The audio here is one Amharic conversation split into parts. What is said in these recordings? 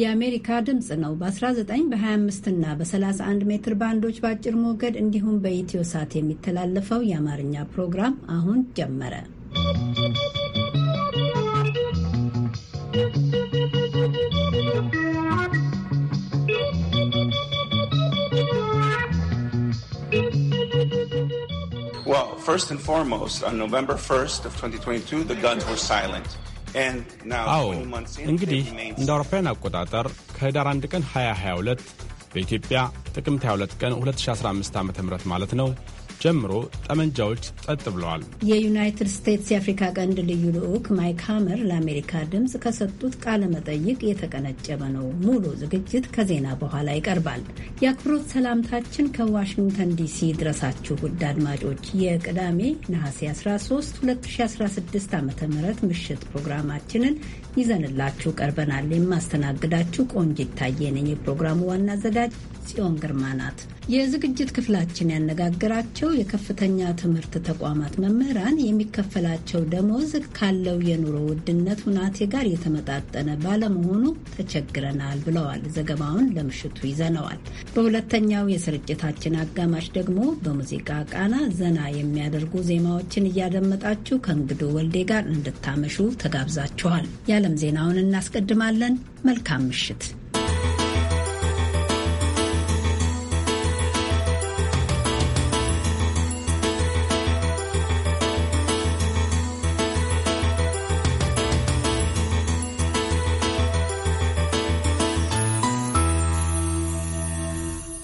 የአሜሪካ ድምፅ ነው። በ19 በ25 እና በ31 ሜትር ባንዶች በአጭር ሞገድ እንዲሁም በኢትዮ ሳት የሚተላለፈው የአማርኛ ፕሮግራም አሁን ጀመረ። Well, first and foremost, on November 1st of 2022, the guns were silent. አዎ እንግዲህ እንደ አውሮፓውያን አቆጣጠር ከህዳር 1 ቀን 2022 በኢትዮጵያ ጥቅምት 22 ቀን 2015 ዓ ም ማለት ነው ጀምሮ ጠመንጃዎች ጸጥ ብለዋል። የዩናይትድ ስቴትስ የአፍሪካ ቀንድ ልዩ ልዑክ ማይክ ሃመር ለአሜሪካ ድምፅ ከሰጡት ቃለ መጠይቅ የተቀነጨበ ነው። ሙሉ ዝግጅት ከዜና በኋላ ይቀርባል። የአክብሮት ሰላምታችን ከዋሽንግተን ዲሲ ድረሳችሁ ውድ አድማጮች የቅዳሜ ነሐሴ 13 2016 ዓ ም ምሽት ፕሮግራማችንን ይዘንላችሁ ቀርበናል። የማስተናግዳችሁ ቆንጅ ይታየነኝ የፕሮግራሙ ዋና አዘጋጅ ጽዮን ግርማ ናት። የዝግጅት ክፍላችን ያነጋግራቸው የከፍተኛ ትምህርት ተቋማት መምህራን የሚከፈላቸው ደሞዝ ካለው የኑሮ ውድነት ሁናቴ ጋር የተመጣጠነ ባለመሆኑ ተቸግረናል ብለዋል። ዘገባውን ለምሽቱ ይዘነዋል። በሁለተኛው የስርጭታችን አጋማሽ ደግሞ በሙዚቃ ቃና ዘና የሚያደርጉ ዜማዎችን እያደመጣችሁ ከእንግዶ ወልዴ ጋር እንድታመሹ ተጋብዛችኋል። የዓለም ዜናውን እናስቀድማለን። መልካም ምሽት።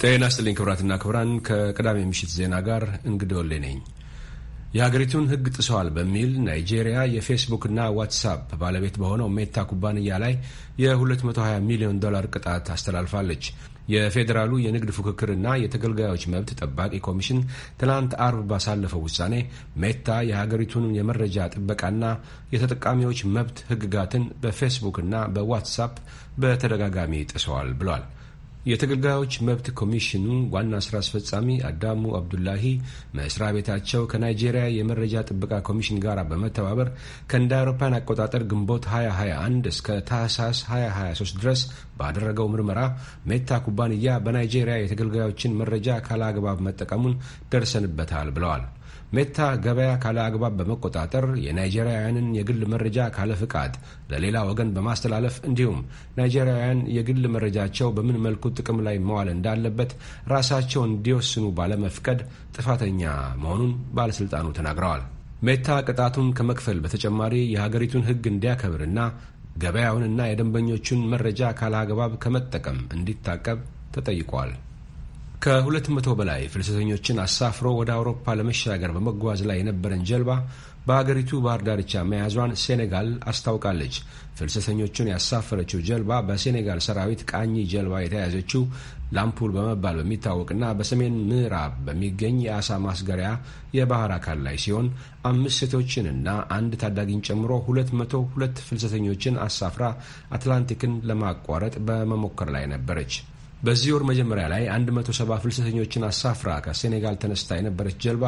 ጤና ይስጥልኝ ክብራትና ክብራን፣ ከቅዳሜ ምሽት ዜና ጋር እንግዳ ነኝ። የሀገሪቱን ሕግ ጥሰዋል በሚል ናይጄሪያ የፌስቡክና ዋትሳፕ ባለቤት በሆነው ሜታ ኩባንያ ላይ የ220 ሚሊዮን ዶላር ቅጣት አስተላልፋለች። የፌዴራሉ የንግድ ፉክክርና የተገልጋዮች መብት ጠባቂ ኮሚሽን ትናንት አርብ ባሳለፈው ውሳኔ ሜታ የሀገሪቱን የመረጃ ጥበቃና የተጠቃሚዎች መብት ሕግጋትን በፌስቡክና በዋትሳፕ በተደጋጋሚ ጥሰዋል ብሏል። የተገልጋዮች መብት ኮሚሽኑ ዋና ስራ አስፈጻሚ አዳሙ አብዱላሂ መስሪያ ቤታቸው ከናይጄሪያ የመረጃ ጥበቃ ኮሚሽን ጋር በመተባበር ከእንደ አውሮፓን አቆጣጠር ግንቦት 2021 እስከ ታህሳስ 2023 ድረስ ባደረገው ምርመራ ሜታ ኩባንያ በናይጄሪያ የተገልጋዮችን መረጃ ካለአግባብ መጠቀሙን ደርሰንበታል ብለዋል። ሜታ ገበያ ካለ አግባብ በመቆጣጠር የናይጄሪያውያንን የግል መረጃ ካለ ፍቃድ ለሌላ ወገን በማስተላለፍ እንዲሁም ናይጄሪያውያን የግል መረጃቸው በምን መልኩ ጥቅም ላይ መዋል እንዳለበት ራሳቸው እንዲወስኑ ባለመፍቀድ ጥፋተኛ መሆኑን ባለሥልጣኑ ተናግረዋል። ሜታ ቅጣቱን ከመክፈል በተጨማሪ የሀገሪቱን ሕግ እንዲያከብርና ገበያውንና የደንበኞቹን መረጃ ካለ አግባብ ከመጠቀም እንዲታቀብ ተጠይቋል። ከሁለት መቶ በላይ ፍልሰተኞችን አሳፍሮ ወደ አውሮፓ ለመሻገር በመጓዝ ላይ የነበረን ጀልባ በሀገሪቱ ባህር ዳርቻ መያዟን ሴኔጋል አስታውቃለች። ፍልሰተኞቹን ያሳፈረችው ጀልባ በሴኔጋል ሰራዊት ቃኝ ጀልባ የተያዘችው ላምፑል በመባል በሚታወቅና በሰሜን ምዕራብ በሚገኝ የአሳ ማስገሪያ የባህር አካል ላይ ሲሆን አምስት ሴቶችንና አንድ ታዳጊን ጨምሮ ሁለት መቶ ሁለት ፍልሰተኞችን አሳፍራ አትላንቲክን ለማቋረጥ በመሞከር ላይ ነበረች። በዚህ ወር መጀመሪያ ላይ 170 ፍልሰተኞችን አሳፍራ ከሴኔጋል ተነስታ የነበረች ጀልባ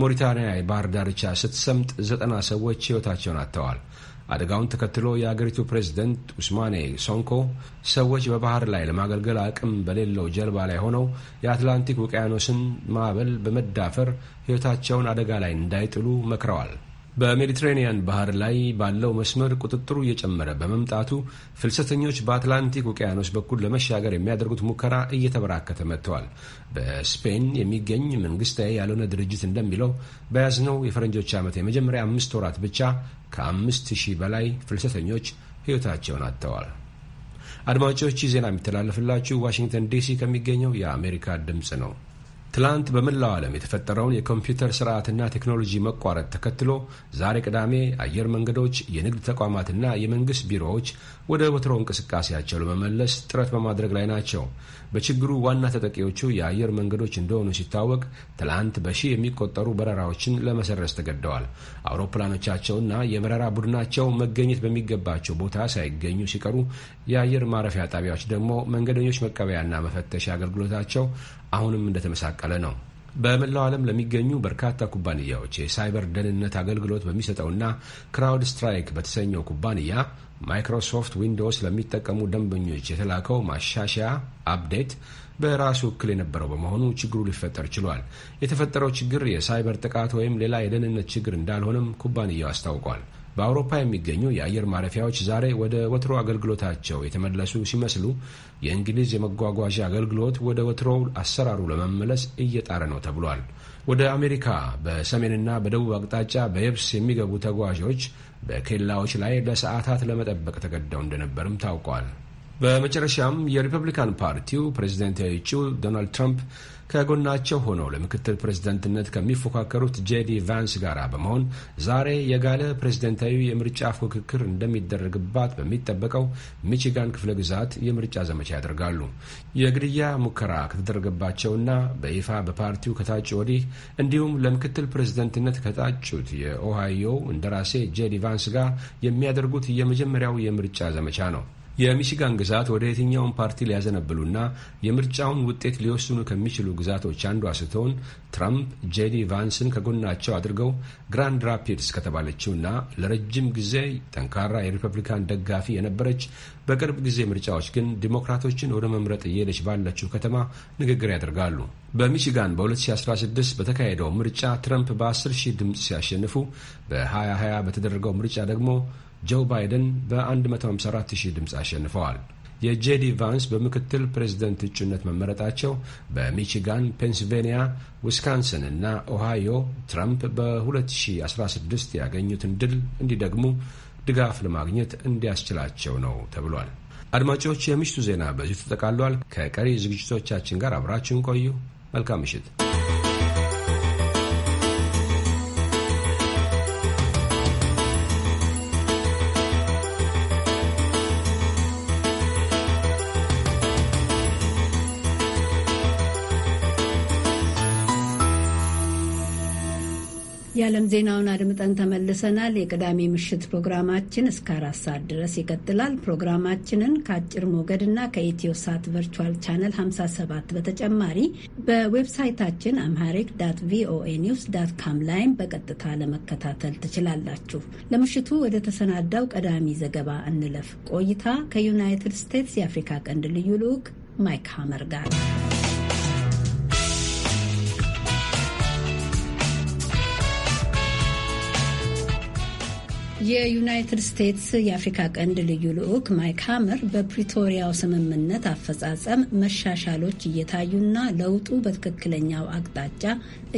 ሞሪታንያ የባህር ዳርቻ ስትሰምጥ ዘጠና ሰዎች ሕይወታቸውን አጥተዋል። አደጋውን ተከትሎ የአገሪቱ ፕሬዝደንት ኡስማኔ ሶንኮ ሰዎች በባህር ላይ ለማገልገል አቅም በሌለው ጀልባ ላይ ሆነው የአትላንቲክ ውቅያኖስን ማዕበል በመዳፈር ሕይወታቸውን አደጋ ላይ እንዳይጥሉ መክረዋል። በሜዲትሬኒያን ባህር ላይ ባለው መስመር ቁጥጥሩ እየጨመረ በመምጣቱ ፍልሰተኞች በአትላንቲክ ውቅያኖስ በኩል ለመሻገር የሚያደርጉት ሙከራ እየተበራከተ መጥተዋል። በስፔን የሚገኝ መንግስታዊ ያልሆነ ድርጅት እንደሚለው በያዝነው የፈረንጆች ዓመት የመጀመሪያ አምስት ወራት ብቻ ከአምስት ሺህ በላይ ፍልሰተኞች ሕይወታቸውን አጥተዋል። አድማጮች ዜና የሚተላለፍላችሁ ዋሽንግተን ዲሲ ከሚገኘው የአሜሪካ ድምፅ ነው። ትላንት በመላው ዓለም የተፈጠረውን የኮምፒውተር ስርዓትና ቴክኖሎጂ መቋረጥ ተከትሎ ዛሬ ቅዳሜ አየር መንገዶች፣ የንግድ ተቋማትና የመንግሥት ቢሮዎች ወደ ወትሮ እንቅስቃሴያቸው ለመመለስ ጥረት በማድረግ ላይ ናቸው። በችግሩ ዋና ተጠቂዎቹ የአየር መንገዶች እንደሆኑ ሲታወቅ ትላንት በሺህ የሚቆጠሩ በረራዎችን ለመሰረዝ ተገደዋል። አውሮፕላኖቻቸውና የበረራ ቡድናቸው መገኘት በሚገባቸው ቦታ ሳይገኙ ሲቀሩ የአየር ማረፊያ ጣቢያዎች ደግሞ መንገደኞች መቀበያና መፈተሻ አገልግሎታቸው አሁንም እንደተመሳቀለ ነው። በመላው ዓለም ለሚገኙ በርካታ ኩባንያዎች የሳይበር ደህንነት አገልግሎት በሚሰጠውና ክራውድ ስትራይክ በተሰኘው ኩባንያ ማይክሮሶፍት ዊንዶውስ ለሚጠቀሙ ደንበኞች የተላከው ማሻሻያ አፕዴት በራሱ እክል የነበረው በመሆኑ ችግሩ ሊፈጠር ችሏል። የተፈጠረው ችግር የሳይበር ጥቃት ወይም ሌላ የደህንነት ችግር እንዳልሆነም ኩባንያው አስታውቋል። በአውሮፓ የሚገኙ የአየር ማረፊያዎች ዛሬ ወደ ወትሮ አገልግሎታቸው የተመለሱ ሲመስሉ የእንግሊዝ የመጓጓዣ አገልግሎት ወደ ወትሮው አሰራሩ ለመመለስ እየጣረ ነው ተብሏል። ወደ አሜሪካ በሰሜንና በደቡብ አቅጣጫ በየብስ የሚገቡ ተጓዦች በኬላዎች ላይ ለሰዓታት ለመጠበቅ ተገደው እንደነበርም ታውቋል። በመጨረሻም የሪፐብሊካን ፓርቲው ፕሬዚደንታዊ እጩ ዶናልድ ትራምፕ ከጎናቸው ሆነው ለምክትል ፕሬዝደንትነት ከሚፎካከሩት ጄዲ ቫንስ ጋር በመሆን ዛሬ የጋለ ፕሬዝደንታዊ የምርጫ ፉክክር እንደሚደረግባት በሚጠበቀው ሚቺጋን ክፍለ ግዛት የምርጫ ዘመቻ ያደርጋሉ። የግድያ ሙከራ ከተደረገባቸውና በይፋ በፓርቲው ከታጩ ወዲህ እንዲሁም ለምክትል ፕሬዝደንትነት ከታጩት የኦሃዮ እንደራሴ ጄዲ ቫንስ ጋር የሚያደርጉት የመጀመሪያው የምርጫ ዘመቻ ነው። የሚሽጋን ግዛት ወደ የትኛውን ፓርቲ ሊያዘነብሉና የምርጫውን ውጤት ሊወስኑ ከሚችሉ ግዛቶች አንዷ ስትሆን ትራምፕ ጄዲ ቫንስን ከጎናቸው አድርገው ግራንድ ራፒድስ ከተባለችውና ለረጅም ጊዜ ጠንካራ የሪፐብሊካን ደጋፊ የነበረች በቅርብ ጊዜ ምርጫዎች ግን ዲሞክራቶችን ወደ መምረጥ እየሄደች ባለችው ከተማ ንግግር ያደርጋሉ። በሚሽጋን በ2016 በተካሄደው ምርጫ ትረምፕ በ10 ሺህ ድምፅ ሲያሸንፉ በ2020 በተደረገው ምርጫ ደግሞ ጆ ባይደን በ 154000 ድምፅ አሸንፈዋል። የጄዲ ቫንስ በምክትል ፕሬዝደንት እጩነት መመረጣቸው በሚቺጋን፣ ፔንስልቬንያ፣ ዊስካንሰን እና ኦሃዮ ትራምፕ በ2016 ያገኙትን ድል እንዲደግሙ ድጋፍ ለማግኘት እንዲያስችላቸው ነው ተብሏል። አድማጮች፣ የምሽቱ ዜና በዚሁ ተጠቃሏል። ከቀሪ ዝግጅቶቻችን ጋር አብራችሁን ቆዩ። መልካም ምሽት። የዓለም ዜናውን አድምጠን ተመልሰናል። የቅዳሜ ምሽት ፕሮግራማችን እስከ አራት ሰዓት ድረስ ይቀጥላል። ፕሮግራማችንን ከአጭር ሞገድ እና ከኢትዮ ሳት ቨርቹዋል ቻነል 57 በተጨማሪ በዌብሳይታችን አምሃሪክ ዳት ቪኦኤ ኒውስ ዳት ካም ላይም በቀጥታ ለመከታተል ትችላላችሁ። ለምሽቱ ወደ ተሰናዳው ቀዳሚ ዘገባ እንለፍ። ቆይታ ከዩናይትድ ስቴትስ የአፍሪካ ቀንድ ልዩ ልዑክ ማይክ ሀመር ጋር የዩናይትድ ስቴትስ የአፍሪካ ቀንድ ልዩ ልዑክ ማይክ ሀመር በፕሪቶሪያው ስምምነት አፈጻጸም መሻሻሎች እየታዩና ለውጡ በትክክለኛው አቅጣጫ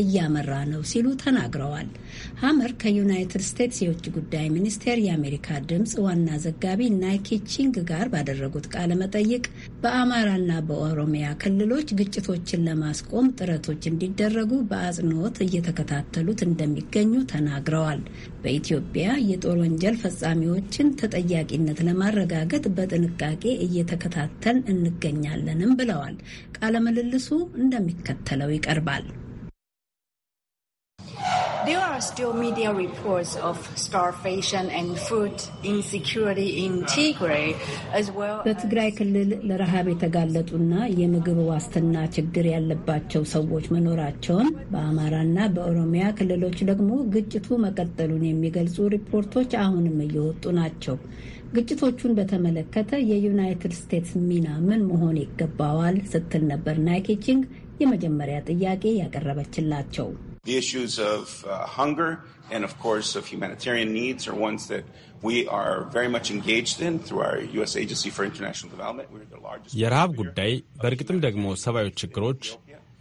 እያመራ ነው ሲሉ ተናግረዋል። ሀመር ከዩናይትድ ስቴትስ የውጭ ጉዳይ ሚኒስቴር የአሜሪካ ድምፅ ዋና ዘጋቢ ናይኪ ቺንግ ጋር ባደረጉት ቃለ መጠይቅ በአማራና በኦሮሚያ ክልሎች ግጭቶችን ለማስቆም ጥረቶች እንዲደረጉ በአጽንኦት እየተከታተሉት እንደሚገኙ ተናግረዋል። በኢትዮጵያ የጦር ወንጀል ፈጻሚዎችን ተጠያቂነት ለማረጋገጥ በጥንቃቄ እየተከታተል እንገኛለንም ብለዋል። ቃለ ምልልሱ እንደሚከተለው ይቀርባል። There are still media reports of starvation and food insecurity in Tigray as well. በትግራይ ክልል ለረሃብ የተጋለጡና የምግብ ዋስትና ችግር ያለባቸው ሰዎች መኖራቸውን በአማራና በኦሮሚያ ክልሎች ደግሞ ግጭቱ መቀጠሉን የሚገልጹ ሪፖርቶች አሁንም እየወጡ ናቸው። ግጭቶቹን በተመለከተ የዩናይትድ ስቴትስ ሚና ምን መሆን ይገባዋል ስትል ነበር ናይኬቺንግ የመጀመሪያ ጥያቄ ያቀረበችላቸው። The issues of uh, hunger and, of course, of humanitarian needs are ones that we are very much engaged in through our U.S. Agency for International Development. We're the largest. የረሃብ ጉዳይ በእርግጥም ደግሞ ሰብአዊ ችግሮች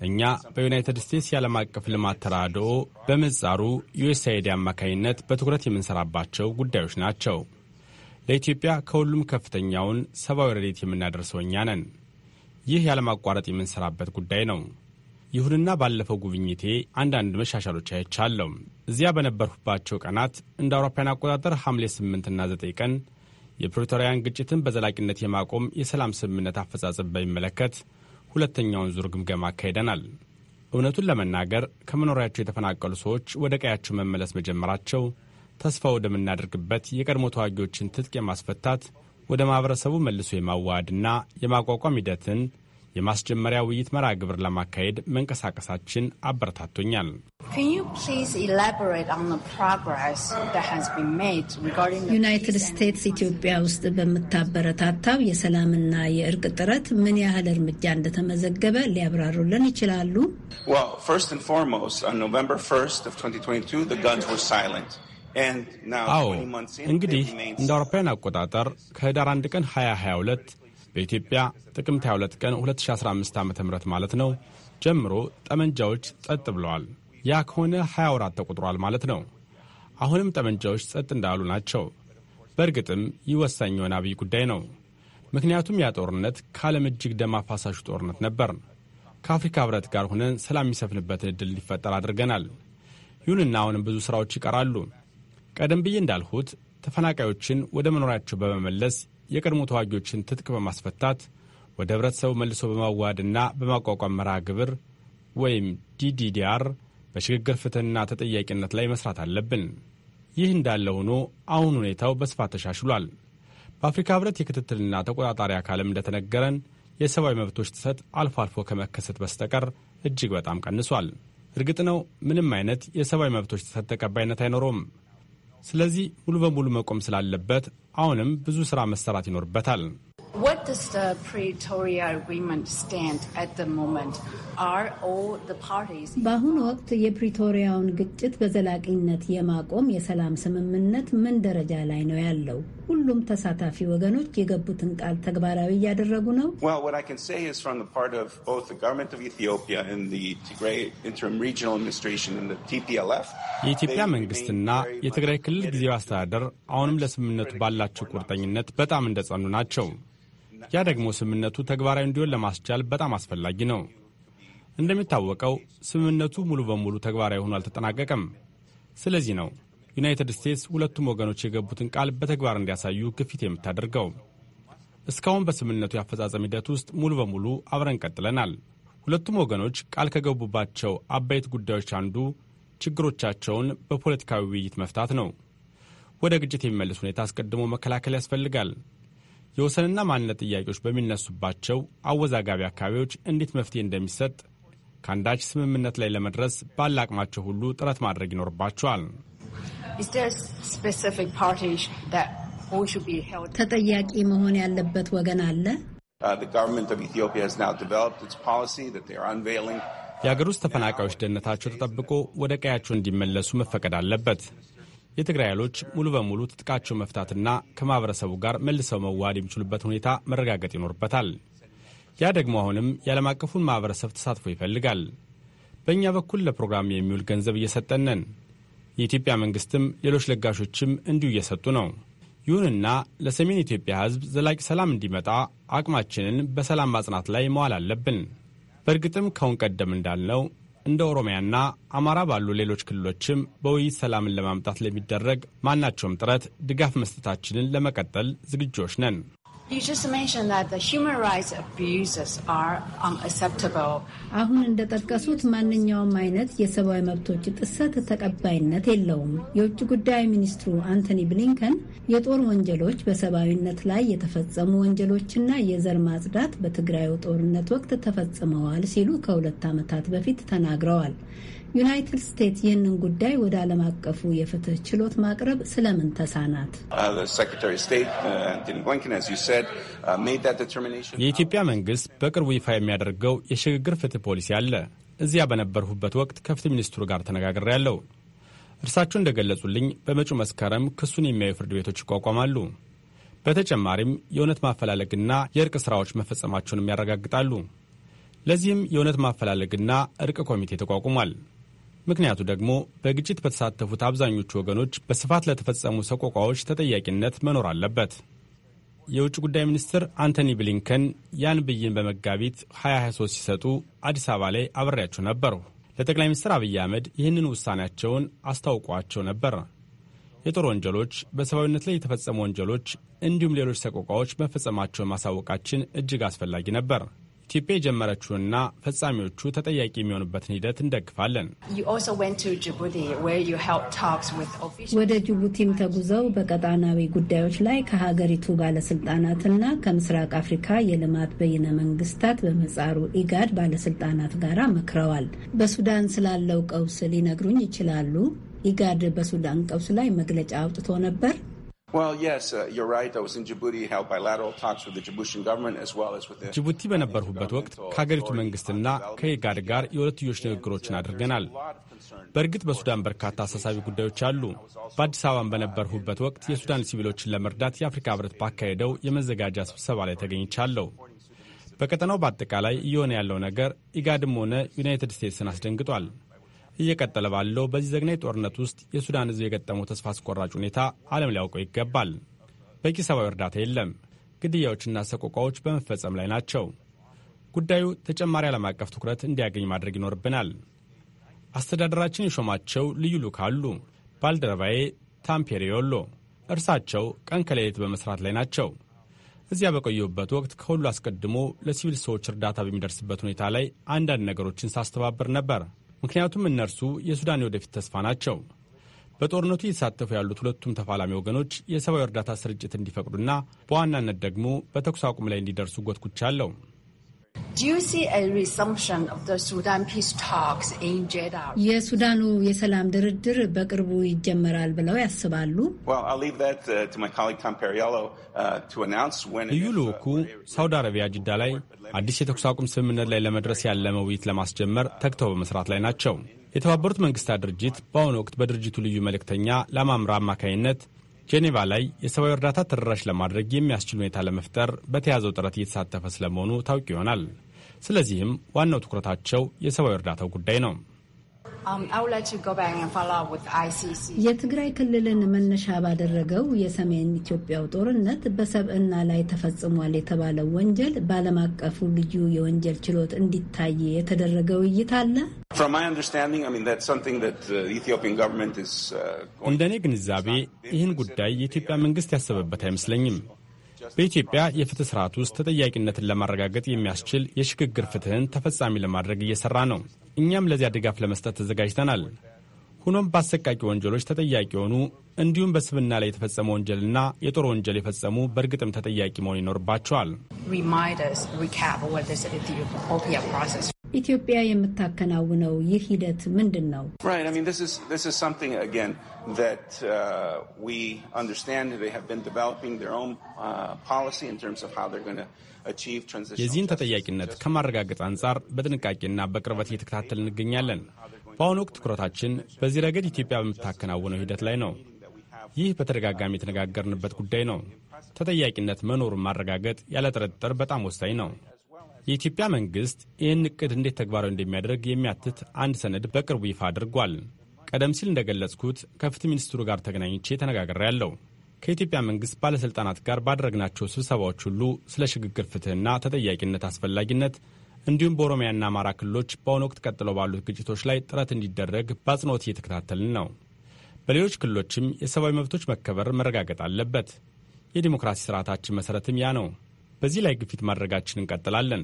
እኛ በዩናይትድ ስቴትስ የዓለም አቀፍ ልማት ተራድኦ በምህጻሩ ዩኤስአይዲ አማካኝነት በትኩረት የምንሰራባቸው ጉዳዮች ናቸው። ለኢትዮጵያ ከሁሉም ከፍተኛውን ሰብአዊ ረዴት የምናደርሰው እኛ ነን። ይህ ያለማቋረጥ የምንሰራበት ጉዳይ ነው። ይሁንና ባለፈው ጉብኝቴ አንዳንድ መሻሻሎች አይቻለሁ። እዚያ በነበርሁባቸው ቀናት እንደ አውሮፓውያን አቆጣጠር ሐምሌ 8ና 9 ቀን የፕሪቶሪያን ግጭትን በዘላቂነት የማቆም የሰላም ስምምነት አፈጻጸም በሚመለከት ሁለተኛውን ዙር ግምገማ አካሂደናል። እውነቱን ለመናገር ከመኖሪያቸው የተፈናቀሉ ሰዎች ወደ ቀያቸው መመለስ መጀመራቸው ተስፋ ወደምናደርግበት የቀድሞ ተዋጊዎችን ትጥቅ የማስፈታት ወደ ማኅበረሰቡ መልሶ የማዋሃድና የማቋቋም ሂደትን የማስጀመሪያ ውይይት መርሃ ግብር ለማካሄድ መንቀሳቀሳችን አበረታቶኛል። ዩናይትድ ስቴትስ ኢትዮጵያ ውስጥ በምታበረታታው የሰላምና የእርቅ ጥረት ምን ያህል እርምጃ እንደተመዘገበ ሊያብራሩልን ይችላሉ? አዎ እንግዲህ እንደ አውሮፓውያን አቆጣጠር ከህዳር 1 ቀን 2022 በኢትዮጵያ ጥቅምት 22 ቀን 2015 ዓ ም ማለት ነው ጀምሮ ጠመንጃዎች ጸጥ ብለዋል። ያ ከሆነ 20 ወራት ተቆጥሯል ማለት ነው። አሁንም ጠመንጃዎች ጸጥ እንዳሉ ናቸው። በእርግጥም ይህ ወሳኝ የሆነ አብይ ጉዳይ ነው። ምክንያቱም ያ ጦርነት ከዓለም እጅግ ደም አፋሳሹ ጦርነት ነበር። ከአፍሪካ ህብረት ጋር ሆነን ሰላም የሚሰፍንበትን ዕድል ሊፈጠር አድርገናል። ይሁንና አሁንም ብዙ ሥራዎች ይቀራሉ። ቀደም ብዬ እንዳልሁት ተፈናቃዮችን ወደ መኖሪያቸው በመመለስ የቀድሞ ተዋጊዎችን ትጥቅ በማስፈታት ወደ ህብረተሰቡ መልሶ በማዋሃድና በማቋቋም መርሃ ግብር ወይም ዲዲዲአር በሽግግር ፍትህና ተጠያቂነት ላይ መስራት አለብን። ይህ እንዳለ ሆኖ አሁን ሁኔታው በስፋት ተሻሽሏል። በአፍሪካ ህብረት የክትትልና ተቆጣጣሪ አካልም እንደተነገረን የሰብአዊ መብቶች ጥሰት አልፎ አልፎ ከመከሰት በስተቀር እጅግ በጣም ቀንሷል። እርግጥ ነው ምንም አይነት የሰብአዊ መብቶች ጥሰት ተቀባይነት አይኖረውም። ስለዚህ ሙሉ በሙሉ መቆም ስላለበት አሁንም ብዙ ስራ መሰራት ይኖርበታል። በአሁኑ ወቅት የፕሪቶሪያውን ግጭት በዘላቂነት የማቆም የሰላም ስምምነት ምን ደረጃ ላይ ነው ያለው? ሁሉም ተሳታፊ ወገኖች የገቡትን ቃል ተግባራዊ እያደረጉ ነው? የኢትዮጵያ መንግስትና የትግራይ ክልል ጊዜያዊ አስተዳደር አሁንም ለስምምነቱ ባላቸው ቁርጠኝነት በጣም እንደጸኑ ናቸው። ያ ደግሞ ስምምነቱ ተግባራዊ እንዲሆን ለማስቻል በጣም አስፈላጊ ነው። እንደሚታወቀው ስምምነቱ ሙሉ በሙሉ ተግባራዊ ሆኖ አልተጠናቀቀም። ስለዚህ ነው ዩናይትድ ስቴትስ ሁለቱም ወገኖች የገቡትን ቃል በተግባር እንዲያሳዩ ግፊት የምታደርገው። እስካሁን በስምምነቱ የአፈጻጸም ሂደት ውስጥ ሙሉ በሙሉ አብረን ቀጥለናል። ሁለቱም ወገኖች ቃል ከገቡባቸው አበይት ጉዳዮች አንዱ ችግሮቻቸውን በፖለቲካዊ ውይይት መፍታት ነው። ወደ ግጭት የሚመልስ ሁኔታ አስቀድሞ መከላከል ያስፈልጋል። የወሰንና ማንነት ጥያቄዎች በሚነሱባቸው አወዛጋቢ አካባቢዎች እንዴት መፍትሄ እንደሚሰጥ ከአንዳች ስምምነት ላይ ለመድረስ ባለ አቅማቸው ሁሉ ጥረት ማድረግ ይኖርባቸዋል። ተጠያቂ መሆን ያለበት ወገን አለ? Uh, የአገር ውስጥ ተፈናቃዮች ደህንነታቸው ተጠብቆ ወደ ቀያቸው እንዲመለሱ መፈቀድ አለበት። የትግራይ ኃይሎች ሙሉ በሙሉ ትጥቃቸው መፍታትና ከማኅበረሰቡ ጋር መልሰው መዋሃድ የሚችሉበት ሁኔታ መረጋገጥ ይኖርበታል። ያ ደግሞ አሁንም የዓለም አቀፉን ማኅበረሰብ ተሳትፎ ይፈልጋል። በእኛ በኩል ለፕሮግራም የሚውል ገንዘብ እየሰጠን ነን። የኢትዮጵያ መንግስትም ሌሎች ለጋሾችም እንዲሁ እየሰጡ ነው። ይሁንና ለሰሜን ኢትዮጵያ ህዝብ ዘላቂ ሰላም እንዲመጣ አቅማችንን በሰላም ማጽናት ላይ መዋል አለብን። በእርግጥም ከውን ቀደም እንዳልነው እንደ ኦሮሚያና አማራ ባሉ ሌሎች ክልሎችም በውይይት ሰላምን ለማምጣት ለሚደረግ ማናቸውም ጥረት ድጋፍ መስጠታችንን ለመቀጠል ዝግጆች ነን። አሁን እንደጠቀሱት ማንኛውም አይነት የሰብአዊ መብቶች ጥሰት ተቀባይነት የለውም። የውጭ ጉዳይ ሚኒስትሩ አንቶኒ ብሊንከን የጦር ወንጀሎች፣ በሰብአዊነት ላይ የተፈጸሙ ወንጀሎችና የዘር ማጽዳት በትግራዩ ጦርነት ወቅት ተፈጽመዋል ሲሉ ከሁለት ዓመታት በፊት ተናግረዋል። ዩናይትድ ስቴትስ ይህንን ጉዳይ ወደ ዓለም አቀፉ የፍትህ ችሎት ማቅረብ ስለምን ተሳናት? Uh, uh, uh, የኢትዮጵያ መንግስት በቅርቡ ይፋ የሚያደርገው የሽግግር ፍትህ ፖሊሲ አለ። እዚያ በነበርሁበት ወቅት ከፍትህ ሚኒስትሩ ጋር ተነጋግሬ ያለው እርሳቸው እንደገለጹልኝ በመጪው መስከረም ክሱን የሚያዩ ፍርድ ቤቶች ይቋቋማሉ። በተጨማሪም የእውነት ማፈላለግና የእርቅ ሥራዎች መፈጸማቸውንም ያረጋግጣሉ። ለዚህም የእውነት ማፈላለግና እርቅ ኮሚቴ ተቋቁሟል። ምክንያቱ ደግሞ በግጭት በተሳተፉት አብዛኞቹ ወገኖች በስፋት ለተፈጸሙ ሰቆቋዎች ተጠያቂነት መኖር አለበት። የውጭ ጉዳይ ሚኒስትር አንቶኒ ብሊንከን ያን ብይን በመጋቢት 2023 ሲሰጡ አዲስ አበባ ላይ አብሬያቸው ነበሩ። ለጠቅላይ ሚኒስትር አብይ አህመድ ይህንን ውሳኔያቸውን አስታውቋቸው ነበር። የጦር ወንጀሎች፣ በሰብአዊነት ላይ የተፈጸሙ ወንጀሎች እንዲሁም ሌሎች ሰቆቋዎች መፈጸማቸውን ማሳወቃችን እጅግ አስፈላጊ ነበር። ኢትዮጵያ የጀመረችውና ፈጻሚዎቹ ተጠያቂ የሚሆኑበትን ሂደት እንደግፋለን። ወደ ጅቡቲም ተጉዘው በቀጣናዊ ጉዳዮች ላይ ከሀገሪቱ ባለስልጣናትና ከምስራቅ አፍሪካ የልማት በይነ መንግስታት በመጻሩ ኢጋድ ባለስልጣናት ጋር መክረዋል። በሱዳን ስላለው ቀውስ ሊነግሩኝ ይችላሉ? ኢጋድ በሱዳን ቀውስ ላይ መግለጫ አውጥቶ ነበር። ጅቡቲ uh, በነበርሁበት ወቅት ከሀገሪቱ መንግስትና ከኢጋድ ጋር የሁለትዮሽ ንግግሮችን አድርገናል። በእርግጥ በሱዳን በርካታ አሳሳቢ ጉዳዮች አሉ። በአዲስ አበባን በነበርሁበት ወቅት የሱዳን ሲቪሎችን ለመርዳት የአፍሪካ ህብረት ባካሄደው የመዘጋጃ ስብሰባ ላይ ተገኝቻለሁ። በቀጠናው በአጠቃላይ እየሆነ ያለው ነገር ኢጋድም ሆነ ዩናይትድ ስቴትስን አስደንግጧል። እየቀጠለ ባለው በዚህ ዘግናኝ ጦርነት ውስጥ የሱዳን ሕዝብ የገጠመው ተስፋ አስቆራጭ ሁኔታ ዓለም ሊያውቀው ይገባል። በቂ ሰብአዊ እርዳታ የለም። ግድያዎችና ሰቆቃዎች በመፈጸም ላይ ናቸው። ጉዳዩ ተጨማሪ ዓለም አቀፍ ትኩረት እንዲያገኝ ማድረግ ይኖርብናል። አስተዳደራችን የሾማቸው ልዩ ልኡክ አሉ። ባልደረባዬ ዮሎ እርሳቸው ቀን ከሌሊት በመስራት ላይ ናቸው። እዚያ በቆየሁበት ወቅት ከሁሉ አስቀድሞ ለሲቪል ሰዎች እርዳታ በሚደርስበት ሁኔታ ላይ አንዳንድ ነገሮችን ሳስተባብር ነበር። ምክንያቱም እነርሱ የሱዳን የወደፊት ተስፋ ናቸው። በጦርነቱ እየተሳተፉ ያሉት ሁለቱም ተፋላሚ ወገኖች የሰብአዊ እርዳታ ስርጭት እንዲፈቅዱና በዋናነት ደግሞ በተኩስ አቁም ላይ እንዲደርሱ አለው። የሱዳኑ የሰላም ድርድር በቅርቡ ይጀመራል ብለው ያስባሉ? Uh, uh, ልዩ ልዑኩ ሳውዲ አረቢያ ጅዳ ላይ አዲስ የተኩስ አቁም ስምምነት ላይ ለመድረስ ያለመ ውይይት ለማስጀመር ተግተው በመስራት ላይ ናቸው። የተባበሩት መንግስታት ድርጅት በአሁኑ ወቅት በድርጅቱ ልዩ መልእክተኛ ለማምራ አማካይነት ጄኔቫ ላይ የሰብአዊ እርዳታ ተደራሽ ለማድረግ የሚያስችል ሁኔታ ለመፍጠር በተያዘው ጥረት እየተሳተፈ ስለመሆኑ ታውቅ ይሆናል። ስለዚህም ዋናው ትኩረታቸው የሰብአዊ እርዳታው ጉዳይ ነው። Um, የትግራይ ክልልን መነሻ ባደረገው የሰሜን ኢትዮጵያው ጦርነት በሰብዕና ላይ ተፈጽሟል የተባለው ወንጀል በዓለም አቀፉ ልዩ የወንጀል ችሎት እንዲታይ የተደረገ ውይይት አለ። uh, uh, እንደ እኔ ግንዛቤ ይህን ጉዳይ የኢትዮጵያ መንግስት ያሰበበት አይመስለኝም። በኢትዮጵያ የፍትህ ስርዓት ውስጥ ተጠያቂነትን ለማረጋገጥ የሚያስችል የሽግግር ፍትህን ተፈጻሚ ለማድረግ እየሰራ ነው። እኛም ለዚያ ድጋፍ ለመስጠት ተዘጋጅተናል። ሆኖም በአሰቃቂ ወንጀሎች ተጠያቂ የሆኑ እንዲሁም በስብና ላይ የተፈጸመ ወንጀልና የጦር ወንጀል የፈጸሙ በእርግጥም ተጠያቂ መሆን ይኖርባቸዋል። ኢትዮጵያ የምታከናውነው ይህ ሂደት ምንድን ነው? የዚህን ተጠያቂነት ከማረጋገጥ አንጻር በጥንቃቄና በቅርበት እየተከታተል እንገኛለን። በአሁኑ ወቅት ትኩረታችን በዚህ ረገድ ኢትዮጵያ በምታከናውነው ሂደት ላይ ነው። ይህ በተደጋጋሚ የተነጋገርንበት ጉዳይ ነው። ተጠያቂነት መኖሩን ማረጋገጥ ያለ ጥርጥር በጣም ወሳኝ ነው። የኢትዮጵያ መንግሥት ይህን እቅድ እንዴት ተግባራዊ እንደሚያደርግ የሚያትት አንድ ሰነድ በቅርቡ ይፋ አድርጓል። ቀደም ሲል እንደገለጽኩት ከፍትህ ሚኒስትሩ ጋር ተገናኝቼ ተነጋግሬ ያለው ከኢትዮጵያ መንግስት ባለሥልጣናት ጋር ባደረግናቸው ስብሰባዎች ሁሉ ስለ ሽግግር ፍትህና ተጠያቂነት አስፈላጊነት እንዲሁም በኦሮሚያና አማራ ክልሎች በአሁኑ ወቅት ቀጥሎ ባሉት ግጭቶች ላይ ጥረት እንዲደረግ በአጽንኦት እየተከታተልን ነው። በሌሎች ክልሎችም የሰብአዊ መብቶች መከበር መረጋገጥ አለበት። የዲሞክራሲ ስርዓታችን መሠረትም ያ ነው። በዚህ ላይ ግፊት ማድረጋችን እንቀጥላለን።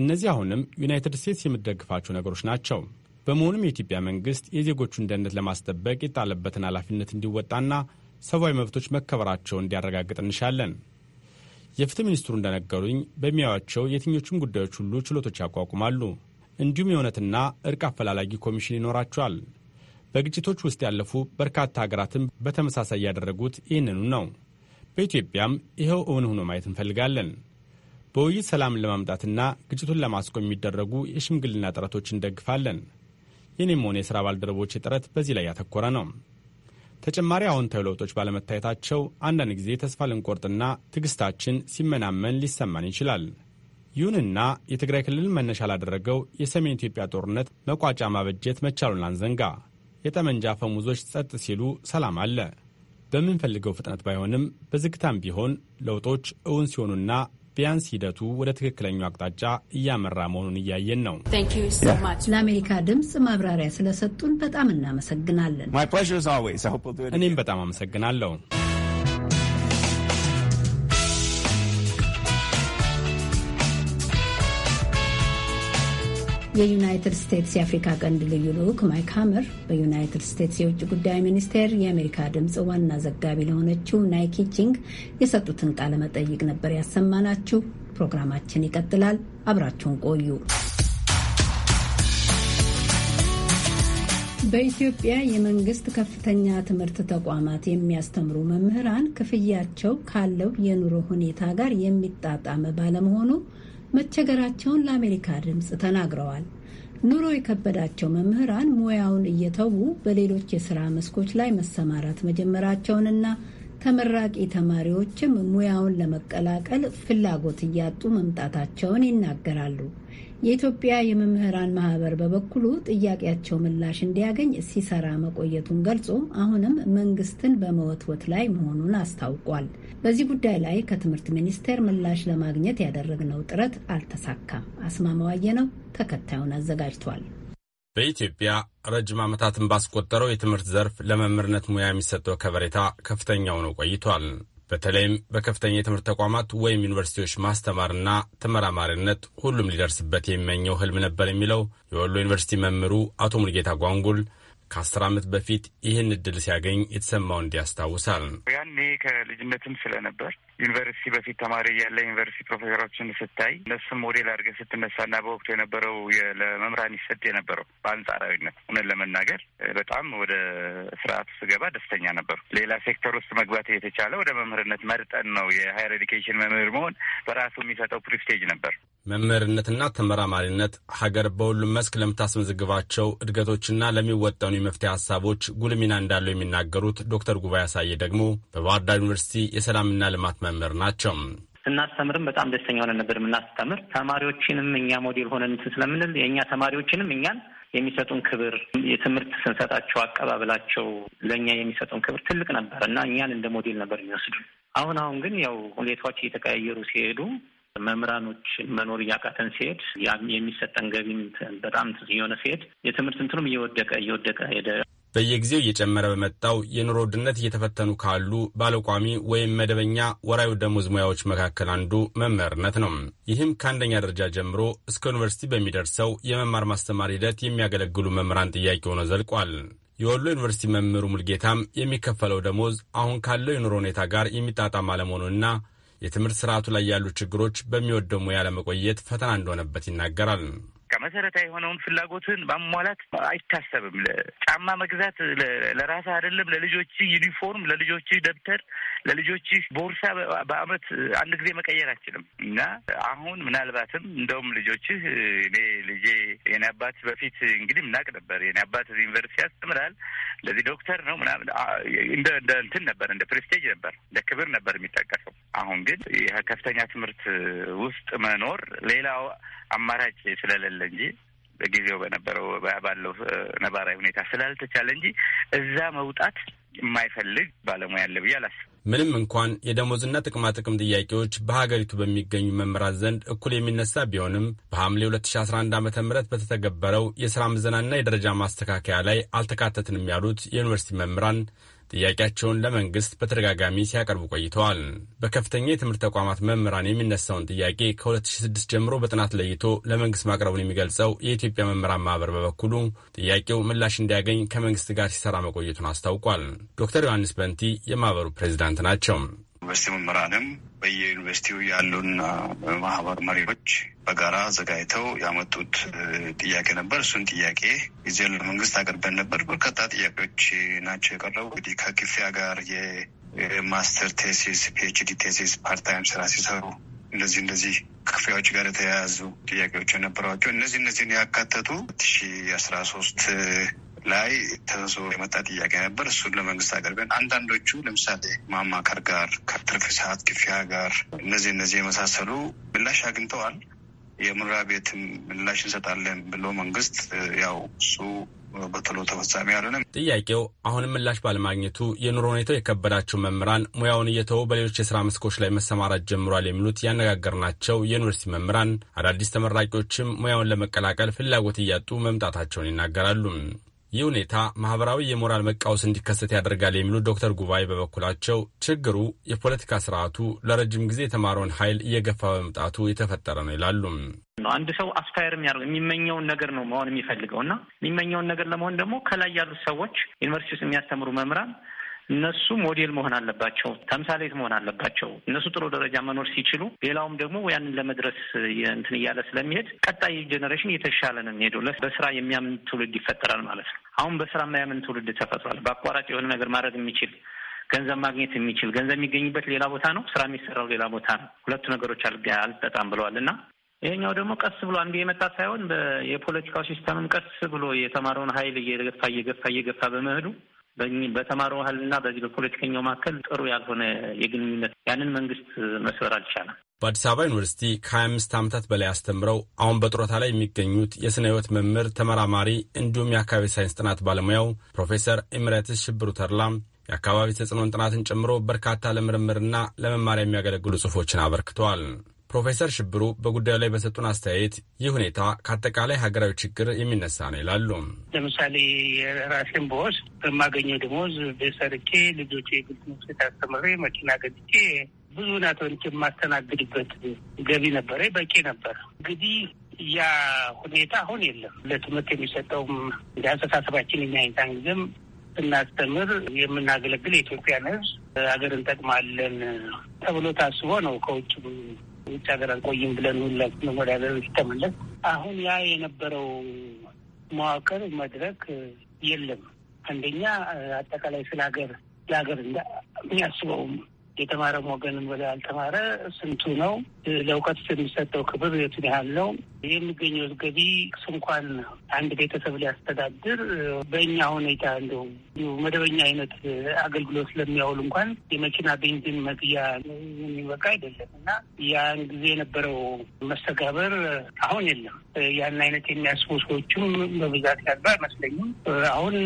እነዚህ አሁንም ዩናይትድ ስቴትስ የምትደግፋቸው ነገሮች ናቸው። በመሆኑም የኢትዮጵያ መንግሥት የዜጎቹን ደህንነት ለማስጠበቅ የጣለበትን ኃላፊነት እንዲወጣና ሰብአዊ መብቶች መከበራቸውን እንዲያረጋግጥ እንሻለን። የፍትህ ሚኒስትሩ እንደነገሩኝ በሚያዩቸው የትኞቹም ጉዳዮች ሁሉ ችሎቶች ያቋቁማሉ። እንዲሁም የእውነትና እርቅ አፈላላጊ ኮሚሽን ይኖራቸዋል። በግጭቶች ውስጥ ያለፉ በርካታ ሀገራትም በተመሳሳይ ያደረጉት ይህንኑ ነው። በኢትዮጵያም ይኸው እውን ሆኖ ማየት እንፈልጋለን። በውይይት ሰላምን ለማምጣትና ግጭቱን ለማስቆም የሚደረጉ የሽምግልና ጥረቶች እንደግፋለን። የኔም ሆነ የሥራ ባልደረቦች ጥረት በዚህ ላይ ያተኮረ ነው። ተጨማሪ አዎንታዊ ለውጦች ባለመታየታቸው አንዳንድ ጊዜ ተስፋ ልንቆርጥና ትዕግስታችን ሲመናመን ሊሰማን ይችላል። ይሁንና የትግራይ ክልል መነሻ ላደረገው የሰሜን ኢትዮጵያ ጦርነት መቋጫ ማበጀት መቻሉን አንዘንጋ። የጠመንጃ ፈሙዞች ጸጥ ሲሉ ሰላም አለ። በምንፈልገው ፍጥነት ባይሆንም በዝግታም ቢሆን ለውጦች እውን ሲሆኑና ቢያንስ ሂደቱ ወደ ትክክለኛው አቅጣጫ እያመራ መሆኑን እያየን ነው። ለአሜሪካ ድምፅ ማብራሪያ ስለሰጡን በጣም እናመሰግናለን። እኔም በጣም አመሰግናለሁ። የዩናይትድ ስቴትስ የአፍሪካ ቀንድ ልዩ ልዑክ ማይክ ሀመር በዩናይትድ ስቴትስ የውጭ ጉዳይ ሚኒስቴር የአሜሪካ ድምፅ ዋና ዘጋቢ ለሆነችው ናይኪ ቺንግ የሰጡትን ቃለ መጠይቅ ነበር ያሰማናችሁ። ፕሮግራማችን ይቀጥላል። አብራችሁን ቆዩ። በኢትዮጵያ የመንግስት ከፍተኛ ትምህርት ተቋማት የሚያስተምሩ መምህራን ክፍያቸው ካለው የኑሮ ሁኔታ ጋር የሚጣጣም ባለመሆኑ መቸገራቸውን ለአሜሪካ ድምፅ ተናግረዋል። ኑሮ የከበዳቸው መምህራን ሙያውን እየተዉ በሌሎች የስራ መስኮች ላይ መሰማራት መጀመራቸውንና ተመራቂ ተማሪዎችም ሙያውን ለመቀላቀል ፍላጎት እያጡ መምጣታቸውን ይናገራሉ። የኢትዮጵያ የመምህራን ማህበር በበኩሉ ጥያቄያቸው ምላሽ እንዲያገኝ ሲሰራ መቆየቱን ገልጾ አሁንም መንግስትን በመወትወት ላይ መሆኑን አስታውቋል። በዚህ ጉዳይ ላይ ከትምህርት ሚኒስቴር ምላሽ ለማግኘት ያደረግነው ጥረት አልተሳካም። አስማማዋየ ነው ተከታዩን አዘጋጅቷል። በኢትዮጵያ ረጅም ዓመታትን ባስቆጠረው የትምህርት ዘርፍ ለመምህርነት ሙያ የሚሰጠው ከበሬታ ከፍተኛ ሆኖ ቆይቷል። በተለይም በከፍተኛ የትምህርት ተቋማት ወይም ዩኒቨርሲቲዎች ማስተማርና ተመራማሪነት ሁሉም ሊደርስበት የሚመኘው ህልም ነበር የሚለው የወሎ ዩኒቨርሲቲ መምህሩ አቶ ሙልጌታ ጓንጉል ከአስር ዓመት በፊት ይህን እድል ሲያገኝ የተሰማው እንዲያስታውሳል። ያኔ ከልጅነትም ስለነበር ዩኒቨርሲቲ በፊት ተማሪ እያለ ዩኒቨርሲቲ ፕሮፌሰሮችን ስታይ እነሱም ሞዴል አድርገህ ስትነሳና በወቅቱ የነበረው ለመምህራን ይሰጥ የነበረው በአንጻራዊነት እውነት ለመናገር በጣም ወደ ስርዓቱ ስገባ ደስተኛ ነበሩ። ሌላ ሴክተር ውስጥ መግባት የተቻለ ወደ መምህርነት መርጠን ነው። የሀየር ኤዲኬሽን መምህር መሆን በራሱ የሚሰጠው ፕሪስቴጅ ነበር። መምህርነትና ተመራማሪነት ሀገር በሁሉም መስክ ለምታስመዘግባቸው እድገቶችና ለሚወጠኑ የመፍትሄ ሀሳቦች ጉልሚና ሚና እንዳለው የሚናገሩት ዶክተር ጉባኤ አሳየ ደግሞ በባህርዳር ዩኒቨርሲቲ የሰላምና ልማት መምህር ናቸው። ስናስተምርም በጣም ደስተኛ ሆነን ነበር የምናስተምር። ተማሪዎችንም እኛ ሞዴል ሆነን ስለምንል የእኛ ተማሪዎችንም እኛን የሚሰጡን ክብር የትምህርት ስንሰጣቸው አቀባበላቸው ለእኛ የሚሰጡን ክብር ትልቅ ነበር እና እኛን እንደ ሞዴል ነበር የሚወስዱን። አሁን አሁን ግን ያው ሁኔታዎች እየተቀያየሩ ሲሄዱ መምህራኖች መኖር እያቃተን ሲሄድ የሚሰጠን ገቢም በጣም እየሆነ ሲሄድ የትምህርት እንትኑም እየወደቀ እየወደቀ ሄደ። በየጊዜው እየጨመረ በመጣው የኑሮ ውድነት እየተፈተኑ ካሉ ባለቋሚ ወይም መደበኛ ወራዊ ደሞዝ ሙያዎች መካከል አንዱ መምህርነት ነው። ይህም ከአንደኛ ደረጃ ጀምሮ እስከ ዩኒቨርሲቲ በሚደርሰው የመማር ማስተማር ሂደት የሚያገለግሉ መምህራን ጥያቄ ሆኖ ዘልቋል። የወሎ ዩኒቨርሲቲ መምህሩ ሙልጌታም የሚከፈለው ደሞዝ አሁን ካለው የኑሮ ሁኔታ ጋር የሚጣጣም አለመሆኑና የትምህርት ስርዓቱ ላይ ያሉ ችግሮች በሚወደው ሙያ ለመቆየት ፈተና እንደሆነበት ይናገራል። መሰረታዊ የሆነውን ፍላጎትን ማሟላት አይታሰብም። ጫማ መግዛት ለራስ አይደለም፣ ለልጆች ዩኒፎርም፣ ለልጆች ደብተር፣ ለልጆች ቦርሳ በአመት አንድ ጊዜ መቀየር አችልም እና አሁን ምናልባትም እንደውም ልጆችህ እኔ ልጄ የኔ አባት በፊት እንግዲህ ምናቅ ነበር የኔ አባት ዩኒቨርሲቲ ያስተምራል ለዚህ ዶክተር ነው ምናምን እንደ እንትን ነበር እንደ ፕሬስቴጅ ነበር እንደ ክብር ነበር የሚጠቀሰው። አሁን ግን ከፍተኛ ትምህርት ውስጥ መኖር ሌላው አማራጭ ስለሌለ እንጂ በጊዜው በነበረው ባለው ነባራዊ ሁኔታ ስላልተቻለ እንጂ እዛ መውጣት የማይፈልግ ባለሙያ አለ ብዬ አላስብም። ምንም እንኳን የደሞዝና ጥቅማ ጥቅም ጥያቄዎች በሀገሪቱ በሚገኙ መምህራን ዘንድ እኩል የሚነሳ ቢሆንም በሐምሌ 2011 ዓ ም በተተገበረው የሥራ ምዘናና የደረጃ ማስተካከያ ላይ አልተካተትንም ያሉት የዩኒቨርሲቲ መምህራን ጥያቄያቸውን ለመንግስት በተደጋጋሚ ሲያቀርቡ ቆይተዋል። በከፍተኛ የትምህርት ተቋማት መምህራን የሚነሳውን ጥያቄ ከ2006 ጀምሮ በጥናት ለይቶ ለመንግስት ማቅረቡን የሚገልጸው የኢትዮጵያ መምህራን ማህበር በበኩሉ ጥያቄው ምላሽ እንዲያገኝ ከመንግስት ጋር ሲሰራ መቆየቱን አስታውቋል። ዶክተር ዮሐንስ በንቲ የማህበሩ ፕሬዚዳንት ናቸው። ዩኒቨርሲቲ መምህራንም በየዩኒቨርሲቲው ያሉን ማህበር መሪዎች በጋራ ዘጋጅተው ያመጡት ጥያቄ ነበር። እሱን ጥያቄ ጊዜ ለመንግስት አቅርበን ነበር። በርካታ ጥያቄዎች ናቸው የቀረቡ። እንግዲህ ከክፍያ ጋር የማስተር ቴሲስ፣ ፒኤችዲ ቴሲስ፣ ፓርታይም ስራ ሲሰሩ እንደዚህ እንደዚህ ክፍያዎች ጋር የተያያዙ ጥያቄዎች የነበሯቸው እነዚህ እነዚህን ያካተቱ ሁለት ሺ አስራ ሶስት ላይ ተንሶ የመጣ ጥያቄ ነበር። እሱን ለመንግስት አቅርበን አንዳንዶቹ ለምሳሌ ማማከር ጋር ከትርፍ ሰዓት ክፍያ ጋር እነዚህ እነዚህ የመሳሰሉ ምላሽ አግኝተዋል። የምራ ቤትም ምላሽ እንሰጣለን ብሎ መንግስት ያው እሱ በቶሎ ተፈጻሚ አልሆነም። ጥያቄው አሁንም ምላሽ ባለማግኘቱ የኑሮ ሁኔታው የከበዳቸው መምህራን ሙያውን እየተው በሌሎች የስራ መስኮች ላይ መሰማራት ጀምሯል የሚሉት ያነጋገርናቸው የዩኒቨርሲቲ መምህራን አዳዲስ ተመራቂዎችም ሙያውን ለመቀላቀል ፍላጎት እያጡ መምጣታቸውን ይናገራሉ። ይህ ሁኔታ ማህበራዊ የሞራል መቃወስ እንዲከሰት ያደርጋል የሚሉት ዶክተር ጉባኤ በበኩላቸው ችግሩ የፖለቲካ ስርዓቱ ለረጅም ጊዜ የተማረውን ኃይል እየገፋ በመምጣቱ የተፈጠረ ነው ይላሉ። አንድ ሰው አስፓየር የሚያደርገው የሚመኘውን ነገር ነው መሆን የሚፈልገው እና የሚመኘውን ነገር ለመሆን ደግሞ ከላይ ያሉት ሰዎች ዩኒቨርሲቲ ውስጥ የሚያስተምሩ መምህራን እነሱ ሞዴል መሆን አለባቸው፣ ተምሳሌት መሆን አለባቸው። እነሱ ጥሩ ደረጃ መኖር ሲችሉ፣ ሌላውም ደግሞ ያንን ለመድረስ እንትን እያለ ስለሚሄድ ቀጣይ ጀኔሬሽን እየተሻለ ነው የሚሄደው። በስራ የሚያምን ትውልድ ይፈጠራል ማለት ነው። አሁን በስራ የማያምን ትውልድ ተፈጥሯል። በአቋራጭ የሆነ ነገር ማድረግ የሚችል ገንዘብ ማግኘት የሚችል ገንዘብ የሚገኝበት ሌላ ቦታ ነው፣ ስራ የሚሰራው ሌላ ቦታ ነው። ሁለቱ ነገሮች አልጋ አልጠጣም ብለዋል እና ይሄኛው ደግሞ ቀስ ብሎ አንዱ የመጣ ሳይሆን የፖለቲካው ሲስተምም ቀስ ብሎ የተማረውን ኃይል እየገፋ እየገፋ እየገፋ በመሄዱ በተማረው ባህልና በዚህ በፖለቲከኛው መካከል ጥሩ ያልሆነ የግንኙነት ያንን መንግስት መስበር አልቻለም። በአዲስ አበባ ዩኒቨርሲቲ ከሀያ አምስት ዓመታት በላይ አስተምረው አሁን በጡረታ ላይ የሚገኙት የስነ ህይወት መምህር ተመራማሪ እንዲሁም የአካባቢ ሳይንስ ጥናት ባለሙያው ፕሮፌሰር ኢምረትስ ሽብሩ ተርላም የአካባቢ ተጽዕኖን ጥናትን ጨምሮ በርካታ ለምርምርና ለመማሪያ የሚያገለግሉ ጽሁፎችን አበርክተዋል። ፕሮፌሰር ሽብሩ በጉዳዩ ላይ በሰጡን አስተያየት ይህ ሁኔታ ከአጠቃላይ ሀገራዊ ችግር የሚነሳ ነው ይላሉ። ለምሳሌ የራሴን ቦስ በማገኘው ደሞዝ ቤት ልጆች ልጆቼ የግል ትምህርት ቤት አስተምሬ መኪና ገዝቼ ብዙ ናቶች የማስተናግድበት ገቢ ነበረ፣ በቂ ነበር። እንግዲህ ያ ሁኔታ አሁን የለም። ለትምህርት የሚሰጠውም እንደ አስተሳሰባችን የሚያይታን ጊዜም ስናስተምር የምናገለግል የኢትዮጵያን ሕዝብ ሀገር እንጠቅማለን ተብሎ ታስቦ ነው ከውጭ ውጭ ሀገር አልቆይም ብለን ሁላችንም ወደ ሀገር ተመለስ። አሁን ያ የነበረው መዋቅር መድረክ የለም። አንደኛ አጠቃላይ ስለ ሀገር ለሀገር እንደ የሚያስበውም የተማረም ወገንም ብለ ያልተማረ ስንቱ ነው? ለእውቀት የሚሰጠው ክብር የቱን ያህል ነው? የሚገኘው ገቢ እንኳን አንድ ቤተሰብ ሊያስተዳድር በእኛ ሁኔታ እንደው መደበኛ አይነት አገልግሎት ስለሚያውል እንኳን የመኪና ቤንዚን መግያ የሚበቃ አይደለም እና ያን ጊዜ የነበረው መስተጋበር አሁን የለም። ያን አይነት የሚያስቡ ሰዎችም በብዛት ያሉ አይመስለኝም። አሁን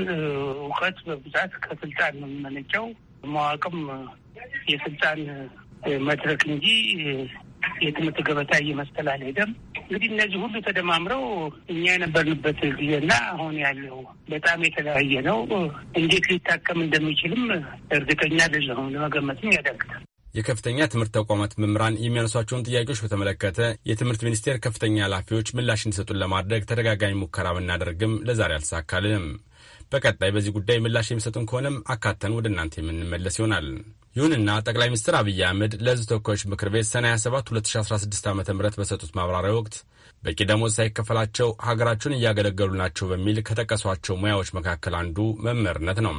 እውቀት በብዛት ከስልጣን ነው የሚመነጨው። ማዋቅም የስልጣን መድረክ እንጂ የትምህርት ገበታ እየመሰለ አልሄደም። እንግዲህ እነዚህ ሁሉ ተደማምረው እኛ የነበርንበት ጊዜና አሁን ያለው በጣም የተለያየ ነው። እንዴት ሊታከም እንደሚችልም እርግጠኛ አይደለሁም፣ ለመገመትም ያዳግታል። የከፍተኛ ትምህርት ተቋማት መምህራን የሚያነሷቸውን ጥያቄዎች በተመለከተ የትምህርት ሚኒስቴር ከፍተኛ ኃላፊዎች ምላሽ እንዲሰጡን ለማድረግ ተደጋጋሚ ሙከራ ብናደርግም ለዛሬ አልተሳካልንም። በቀጣይ በዚህ ጉዳይ ምላሽ የሚሰጡን ከሆነም አካተን ወደ እናንተ የምንመለስ ይሆናል። ይሁንና ጠቅላይ ሚኒስትር አብይ አህመድ ለሕዝብ ተወካዮች ምክር ቤት ሰኔ 27 2016 ዓ ም በሰጡት ማብራሪያ ወቅት በቂ ደሞዝ ሳይከፈላቸው ሀገራቸውን እያገለገሉ ናቸው በሚል ከጠቀሷቸው ሙያዎች መካከል አንዱ መምህርነት ነው።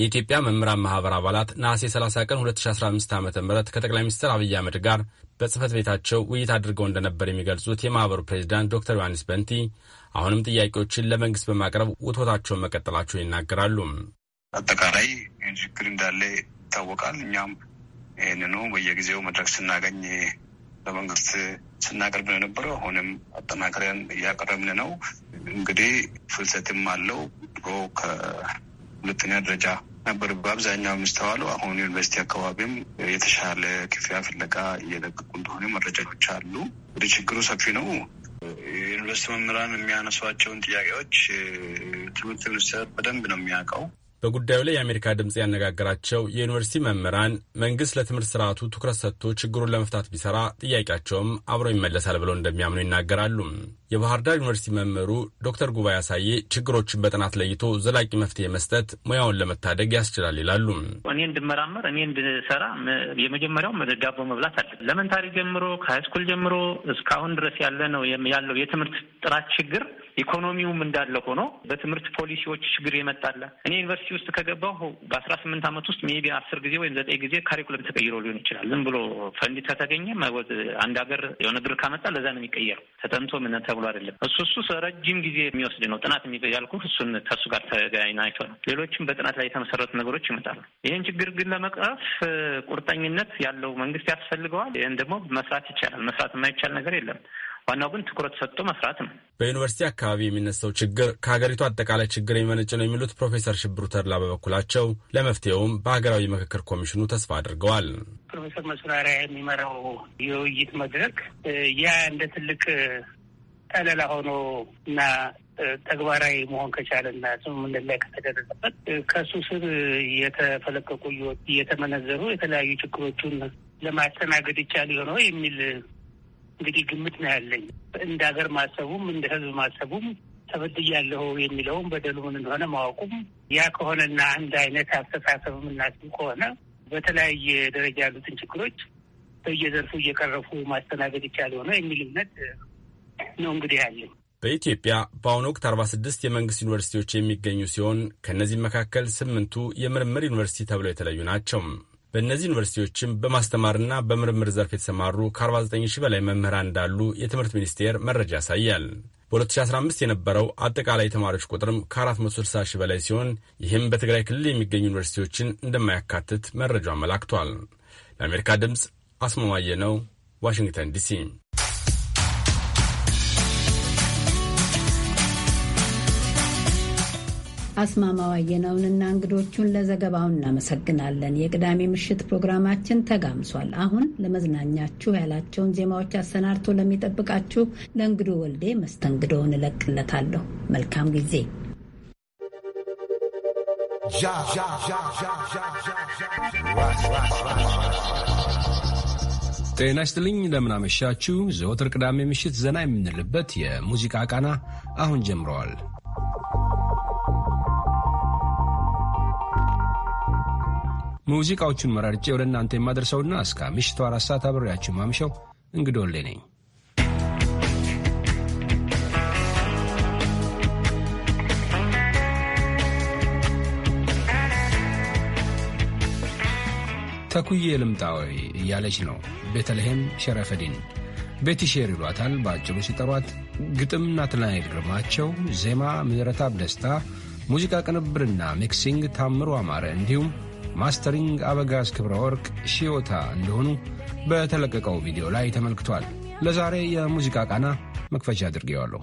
የኢትዮጵያ መምህራን ማህበር አባላት ነሐሴ 30 ቀን 2015 ዓ ም ከጠቅላይ ሚኒስትር አብይ አህመድ ጋር በጽህፈት ቤታቸው ውይይት አድርገው እንደነበር የሚገልጹት የማህበሩ ፕሬዚዳንት ዶክተር ዮሐንስ በንቲ አሁንም ጥያቄዎችን ለመንግስት በማቅረብ ውትወታቸውን መቀጠላቸውን ይናገራሉ። አጠቃላይ ችግር እንዳለ ይታወቃል። እኛም ይህንኑ በየጊዜው መድረክ ስናገኝ በመንግስት ስናቀርብ ነው የነበረው። አሁንም አጠናክረን እያቀረብን ነው። እንግዲህ ፍልሰትም አለው። ድሮ ከሁለተኛ ደረጃ ነበር በአብዛኛው የሚስተዋለው። አሁን ዩኒቨርሲቲ አካባቢም የተሻለ ክፍያ ፍለጋ እየለቀቁ እንደሆነ መረጃዎች አሉ። እንግዲህ ችግሩ ሰፊ ነው። የዩኒቨርስቲ መምህራን የሚያነሷቸውን ጥያቄዎች ትምህርት ሚኒስቴር በደንብ ነው የሚያውቀው። በጉዳዩ ላይ የአሜሪካ ድምፅ ያነጋገራቸው የዩኒቨርሲቲ መምህራን መንግሥት ለትምህርት ስርዓቱ ትኩረት ሰጥቶ ችግሩን ለመፍታት ቢሰራ ጥያቄያቸውም አብሮ ይመለሳል ብለው እንደሚያምኑ ይናገራሉ። የባህር ዳር ዩኒቨርሲቲ መምህሩ ዶክተር ጉባኤ አሳዬ ችግሮችን በጥናት ለይቶ ዘላቂ መፍትሄ መስጠት ሙያውን ለመታደግ ያስችላል ይላሉ። እኔ እንድመራመር፣ እኔ እንድሰራ የመጀመሪያው ዳቦ መብላት አለ። ለመንታሪ ጀምሮ ከሃይስኩል ጀምሮ እስካሁን ድረስ ያለ ነው ያለው የትምህርት ጥራት ችግር ኢኮኖሚውም እንዳለ ሆኖ በትምህርት ፖሊሲዎች ችግር የመጣለ እኔ ዩኒቨርሲቲ ውስጥ ከገባሁ በአስራ ስምንት ዓመት ውስጥ ሜቢ አስር ጊዜ ወይም ዘጠኝ ጊዜ ካሪኩለም ተቀይሮ ሊሆን ይችላል። ዝም ብሎ ፈንድ ከተገኘ አንድ ሀገር የሆነ ብር ካመጣ ለዛ ነው የሚቀየረው። ተጠንቶ ምን ተብሎ አይደለም። እሱ እሱ ረጅም ጊዜ የሚወስድ ነው። ጥናት ያልኩ እሱን ከሱ ጋር ተገናኝቶ ነው። ሌሎችም በጥናት ላይ የተመሰረቱ ነገሮች ይመጣሉ። ይህን ችግር ግን ለመቅረፍ ቁርጠኝነት ያለው መንግስት ያስፈልገዋል። ይህን ደግሞ መስራት ይቻላል። መስራት የማይቻል ነገር የለም። ዋናው ግን ትኩረት ሰጥቶ መስራት ነው። በዩኒቨርሲቲ አካባቢ የሚነሳው ችግር ከሀገሪቱ አጠቃላይ ችግር የሚመነጭ ነው የሚሉት ፕሮፌሰር ሽብሩ ተድላ በበኩላቸው ለመፍትሄውም በሀገራዊ ምክክር ኮሚሽኑ ተስፋ አድርገዋል። ፕሮፌሰር መስራሪያ የሚመራው የውይይት መድረክ ያ እንደ ትልቅ ጠለላ ሆኖ እና ተግባራዊ መሆን ከቻለና ስምምነት ላይ ከተደረሰበት ከሱ ስር የተፈለቀቁ እየተመነዘሩ የተለያዩ ችግሮቹን ለማስተናገድ ይቻል የሆነው የሚል እንግዲህ ግምት ነው ያለኝ። እንደ ሀገር ማሰቡም እንደ ህዝብ ማሰቡም ተበድያለሁ የሚለውም በደሉ ምን እንደሆነ ማወቁም ያ ከሆነና አንድ አይነት አስተሳሰብ የምናስብ ከሆነ በተለያየ ደረጃ ያሉትን ችግሮች በየዘርፉ እየቀረፉ ማስተናገድ ይቻል ሆነ የሚል እምነት ነው እንግዲህ ያለኝ። በኢትዮጵያ በአሁኑ ወቅት 46 የመንግስት ዩኒቨርሲቲዎች የሚገኙ ሲሆን ከእነዚህም መካከል ስምንቱ የምርምር ዩኒቨርሲቲ ተብለው የተለዩ ናቸው። በእነዚህ ዩኒቨርሲቲዎችም በማስተማርና በምርምር ዘርፍ የተሰማሩ ከ49 ሺህ በላይ መምህራን እንዳሉ የትምህርት ሚኒስቴር መረጃ ያሳያል። በ2015 የነበረው አጠቃላይ ተማሪዎች ቁጥርም ከ460 ሺህ በላይ ሲሆን ይህም በትግራይ ክልል የሚገኙ ዩኒቨርሲቲዎችን እንደማያካትት መረጃው አመላክቷል። ለአሜሪካ ድምፅ አስማማየ ነው፣ ዋሽንግተን ዲሲ። አስማማው አየነውንና እንግዶቹን ለዘገባው እናመሰግናለን። የቅዳሜ ምሽት ፕሮግራማችን ተጋምሷል። አሁን ለመዝናኛችሁ ያላቸውን ዜማዎች አሰናድቶ ለሚጠብቃችሁ ለእንግዱ ወልዴ መስተንግዶውን እለቅለታለሁ። መልካም ጊዜ። ጤና ይስጥልኝ። እንደምን አመሻችሁ። ዘወትር ቅዳሜ ምሽት ዘና የምንልበት የሙዚቃ ቃና አሁን ጀምረዋል። ሙዚቃዎቹን መራርጬ ወደ እናንተ የማደርሰውና እስከ ምሽቱ አራት ሰዓት አብሬያችሁ ማምሸው እንግዶሌ ነኝ። ተኩዬ ልምጣዊ እያለች ነው ቤተልሔም ሸረፈዲን ቤቲ ሼር ይሏታል በአጭሩ ሲጠሯት። ግጥም ናትናኤል ግርማቸው፣ ዜማ ምዕረታብ ደስታ፣ ሙዚቃ ቅንብርና ሚክሲንግ ታምሮ አማረ እንዲሁም ማስተሪንግ አበጋዝ ክብረ ወርቅ ሺዮታ እንደሆኑ በተለቀቀው ቪዲዮ ላይ ተመልክቷል። ለዛሬ የሙዚቃ ቃና መክፈቻ አድርጌዋለሁ።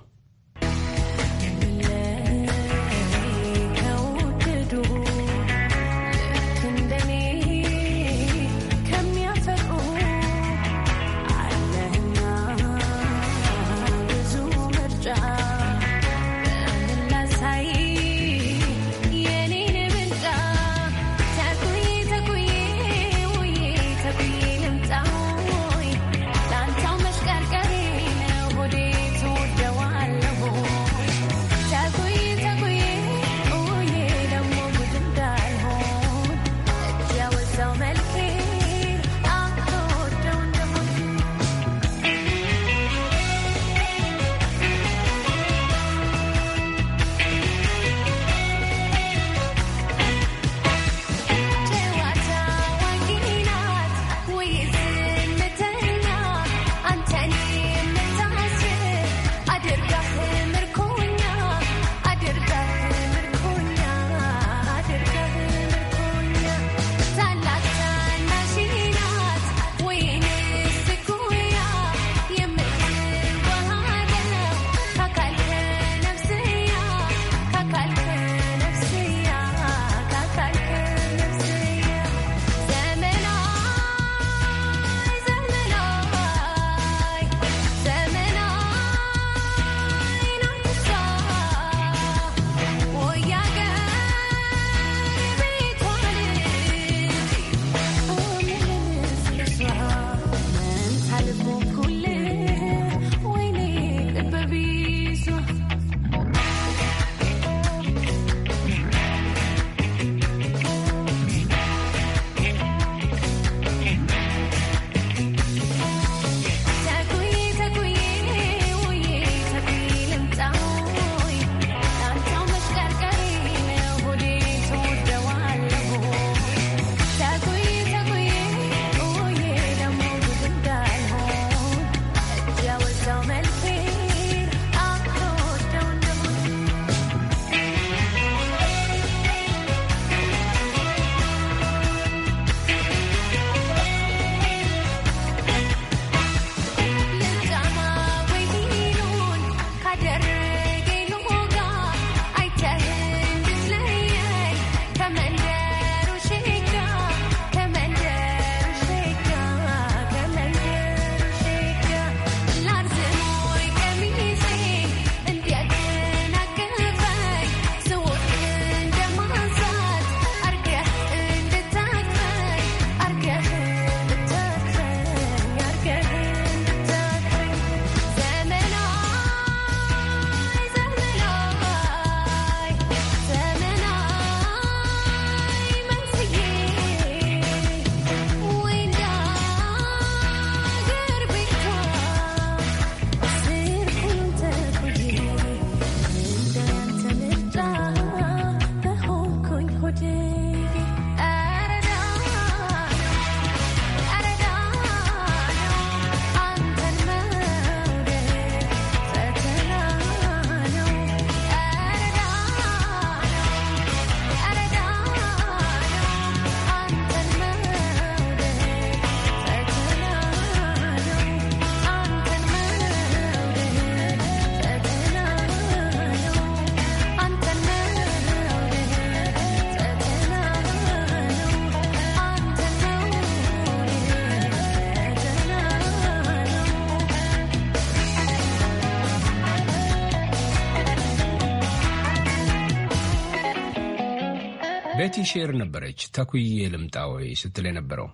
ቤቲ ሼር ነበረች ተኩዬ ልምጣ ወይ ስትል የነበረው።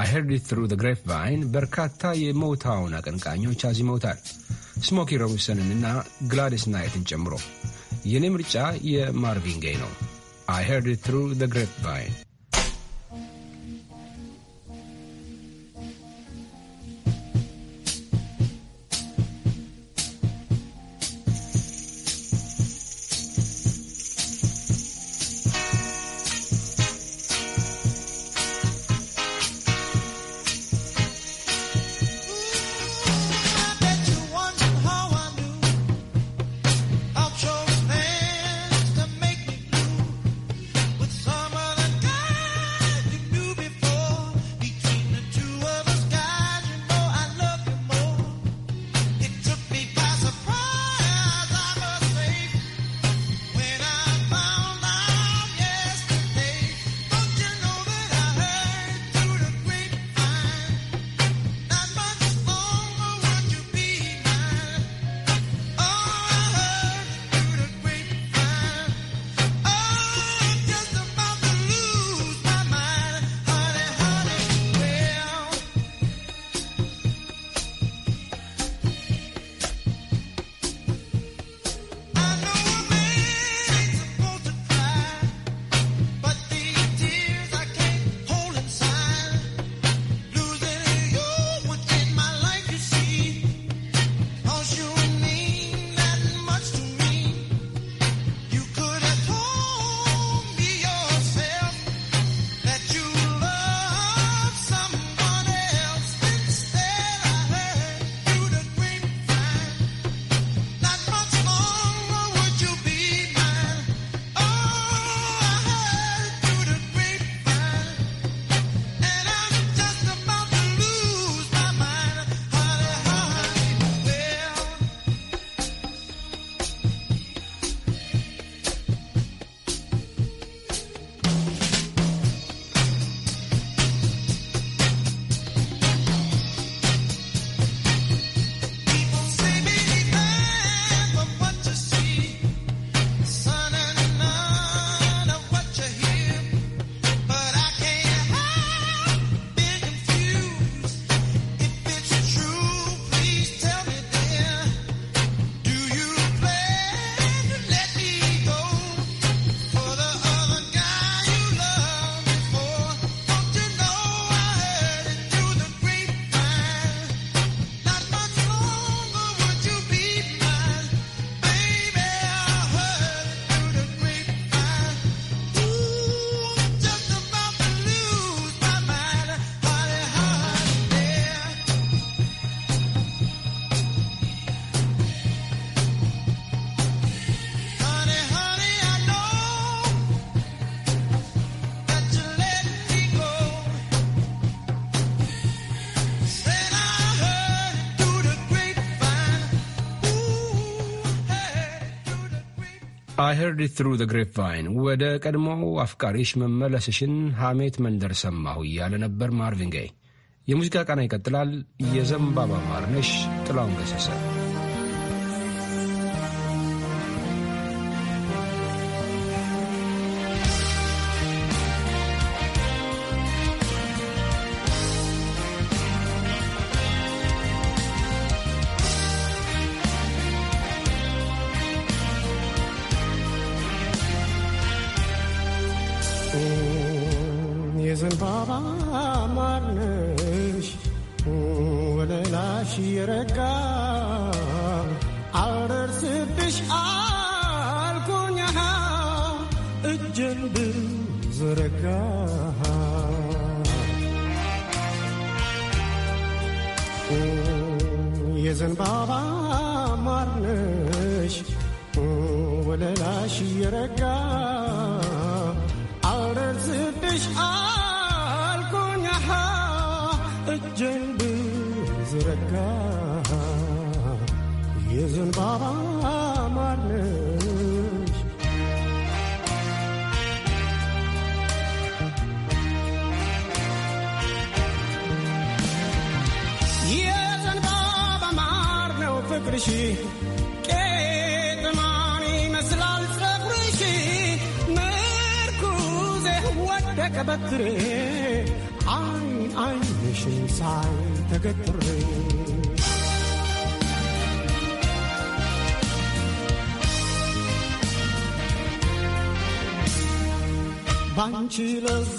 አይሄርድ ትሩ ዘ ግሬፕ ቫይን በርካታ የሞታውን አቀንቃኞች አዚመውታል፣ ስሞኪ እና ግላዲስ ናይትን ጨምሮ። የኔ ምርጫ የማርቪን ጌይ ነው። አይሄርድ ትሩ ዘ ግሬፕ ቫይን አይ ሄርድ ትሩ ዘ ግሬፕ ቫይን ወደ ቀድሞው አፍቃሪሽ መመለስሽን ሐሜት መንደር ሰማሁ እያለ ነበር ማርቪን ጋይ። የሙዚቃ ቃና ይቀጥላል። የዘንባባ ማርነሽ ጥላውን ገሰሰ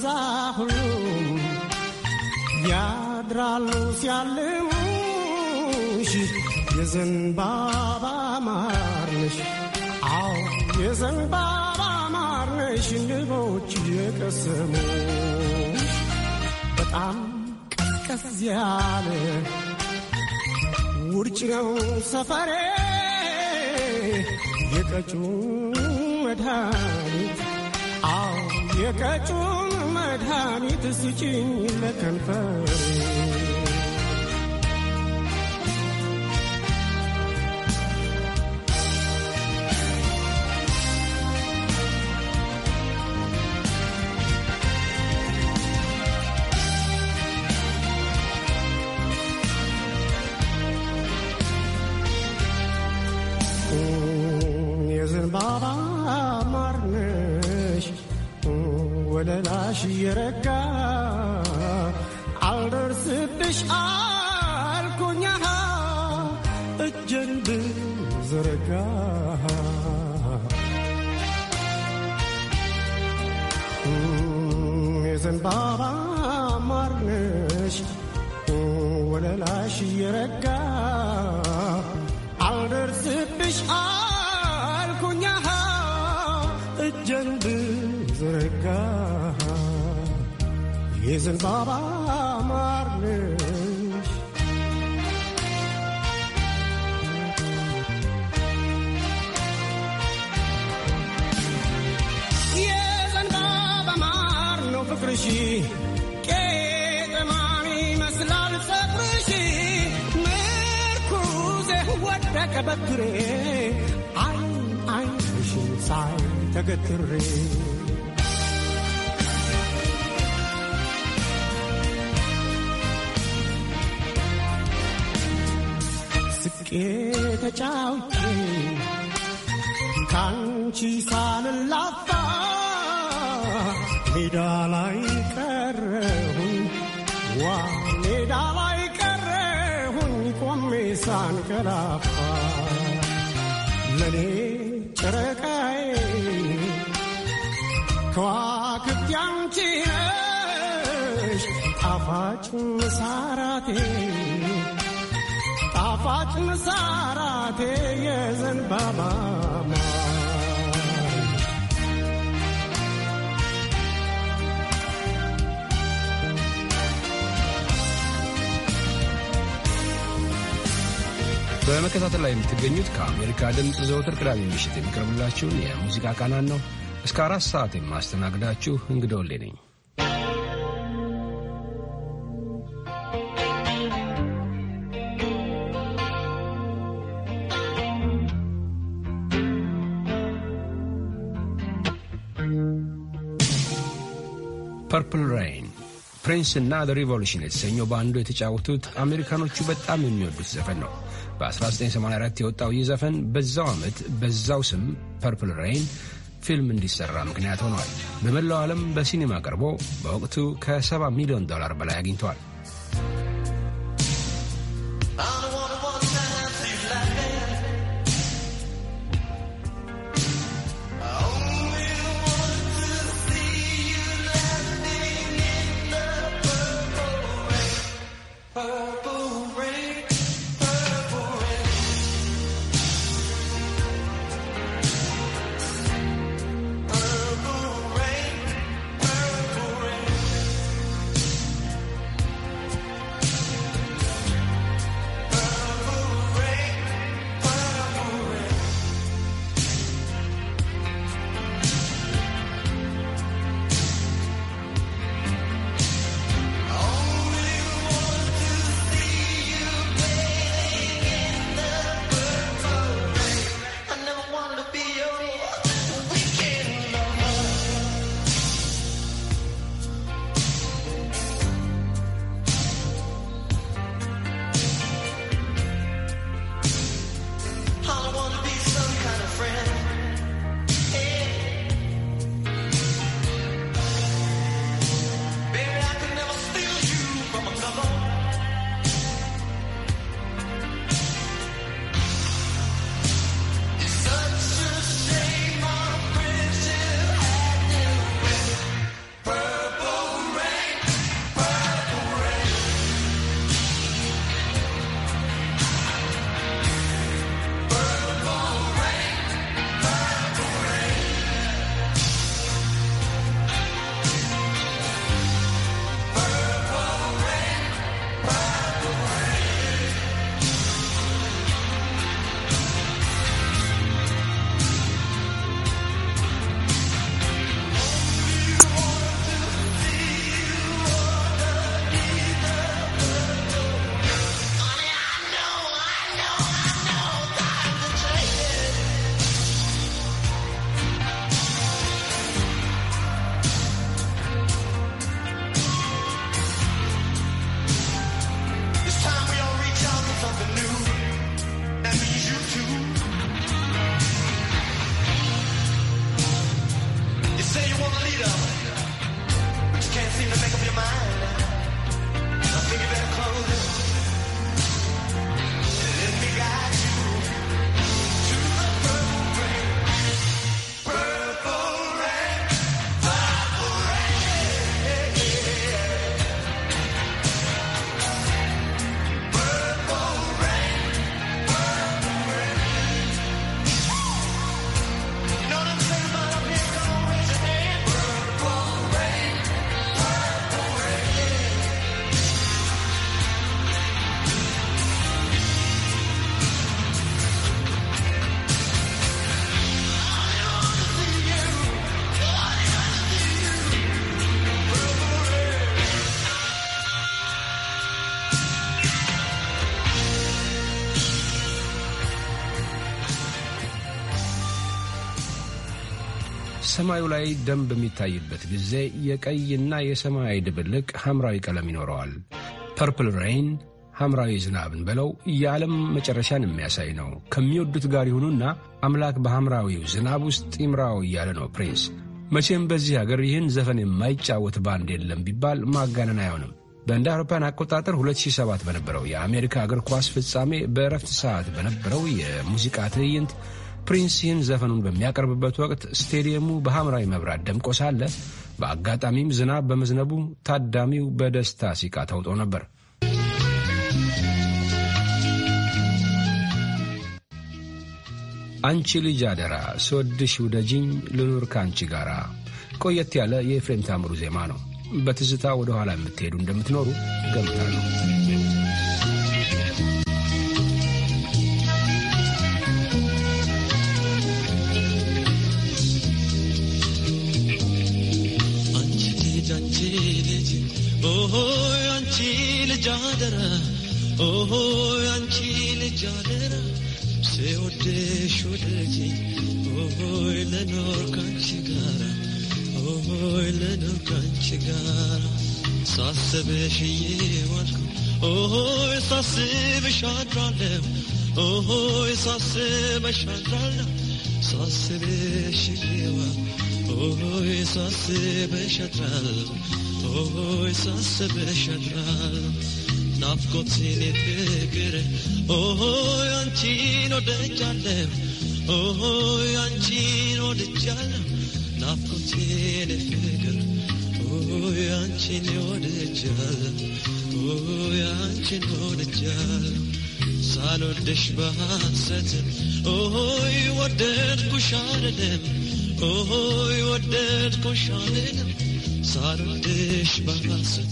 በዛ ሁሉ ያድራሉ ሲያልሙሽ የዘንባባ ማርነሽ አዎ የዘንባባ ማርነሽ ንቦች የቀሰሙ በጣም ቀዝቀዝ ያለ ውርጭ ነው ሰፈሬ የቀጩ መድኃኒት አዎ የቀጩን መድኃኒት ስጭኝ ለከንፈር ተቀበትሬ አይን አይንሽን ሳይ ተገትሬ ስቄ ተጫውቼ ካንቺ ሳልላፋ ሜዳ ላይ ቀረሁኝ ዋ ሜዳ ላይ ቀረሁኝ ቆሜ ሳንቀላፋ ለኔ ጨረቃዬ ከዋክብት ያንቺ ነሽ ጣፋጭ ምሳራቴ ጣፋጭ ምሳራቴ የዘንባባ በመከታተል ላይ የምትገኙት ከአሜሪካ ድምፅ ዘወትር ቅዳሜ ምሽት የሚቀርብላችሁን የሙዚቃ ቃናን ነው። እስከ አራት ሰዓት የማስተናግዳችሁ እንግዳ ወልዴ ነኝ። ፐርፕል ሬይን ፕሪንስ እና ዘ ሪቮሉሽን የተሰኘው በአንዱ የተጫወቱት አሜሪካኖቹ በጣም የሚወዱት ዘፈን ነው። በ1984 የወጣው ይህ ዘፈን በዛው ዓመት በዛው ስም ፐርፕል ሬይን ፊልም እንዲሠራ ምክንያት ሆኗል። በመላው ዓለም በሲኔማ ቀርቦ በወቅቱ ከ70 ሚሊዮን ዶላር በላይ አግኝተዋል። ሰማዩ ላይ ደም በሚታይበት ጊዜ የቀይና የሰማያዊ ድብልቅ ሐምራዊ ቀለም ይኖረዋል። ፐርፕል ሬይን ሐምራዊ ዝናብን በለው የዓለም መጨረሻን የሚያሳይ ነው። ከሚወዱት ጋር ይሁኑና አምላክ በሐምራዊው ዝናብ ውስጥ ይምራው እያለ ነው ፕሪንስ። መቼም በዚህ አገር ይህን ዘፈን የማይጫወት ባንድ የለም ቢባል ማጋነን አይሆንም። በእንደ አውሮፓን አቆጣጠር 2007 በነበረው የአሜሪካ እግር ኳስ ፍጻሜ በእረፍት ሰዓት በነበረው የሙዚቃ ትዕይንት ፕሪንስ ይህን ዘፈኑን በሚያቀርብበት ወቅት ስቴዲየሙ በሐምራዊ መብራት ደምቆ ሳለ በአጋጣሚም ዝናብ በመዝነቡ ታዳሚው በደስታ ሲቃ ተውጦ ነበር። አንቺ ልጅ አደራ ስወድሽ ውደጅኝ ልኑር ከአንቺ ጋራ ቆየት ያለ የኤፍሬም ታምሩ ዜማ ነው። በትዝታ ወደ ኋላ የምትሄዱ እንደምትኖሩ ገምታለሁ። دارا اوه አንቺን ጃለራ ስወድሽ ወደጅኝ ኦሆይ ለኖር ካንቺ ጋራ ኦሆይ ለኖር ካንቺ ጋራ ሳስብሽ እየዋልኩ ኦሆይ ሳስብሽ አድራለሁ ኦሆይ ሳስበሽ አድራለሁ ሳስብሽ እየዋልኩ ኦሆይ ሳስበሽ አድራለሁ ኦሆይ ሳስበሽ አድራለሁ ናፍቆቴን ፍቅር ኦሆይ አንቺን ወደጃለም ኦሆይ አንቺን ወደጃለም ናፍቆቴን ፍቅር ኦሆይ አንቺን ወደጃለም ኦሆይ አንቺን ወደጃለም ሳልወደሽ በሐሰት ኦሆይ ወደድኩሽ አይደለም ኦሆይ ወደድኩሽ አይደለም ሳልወደሽ በሐሰት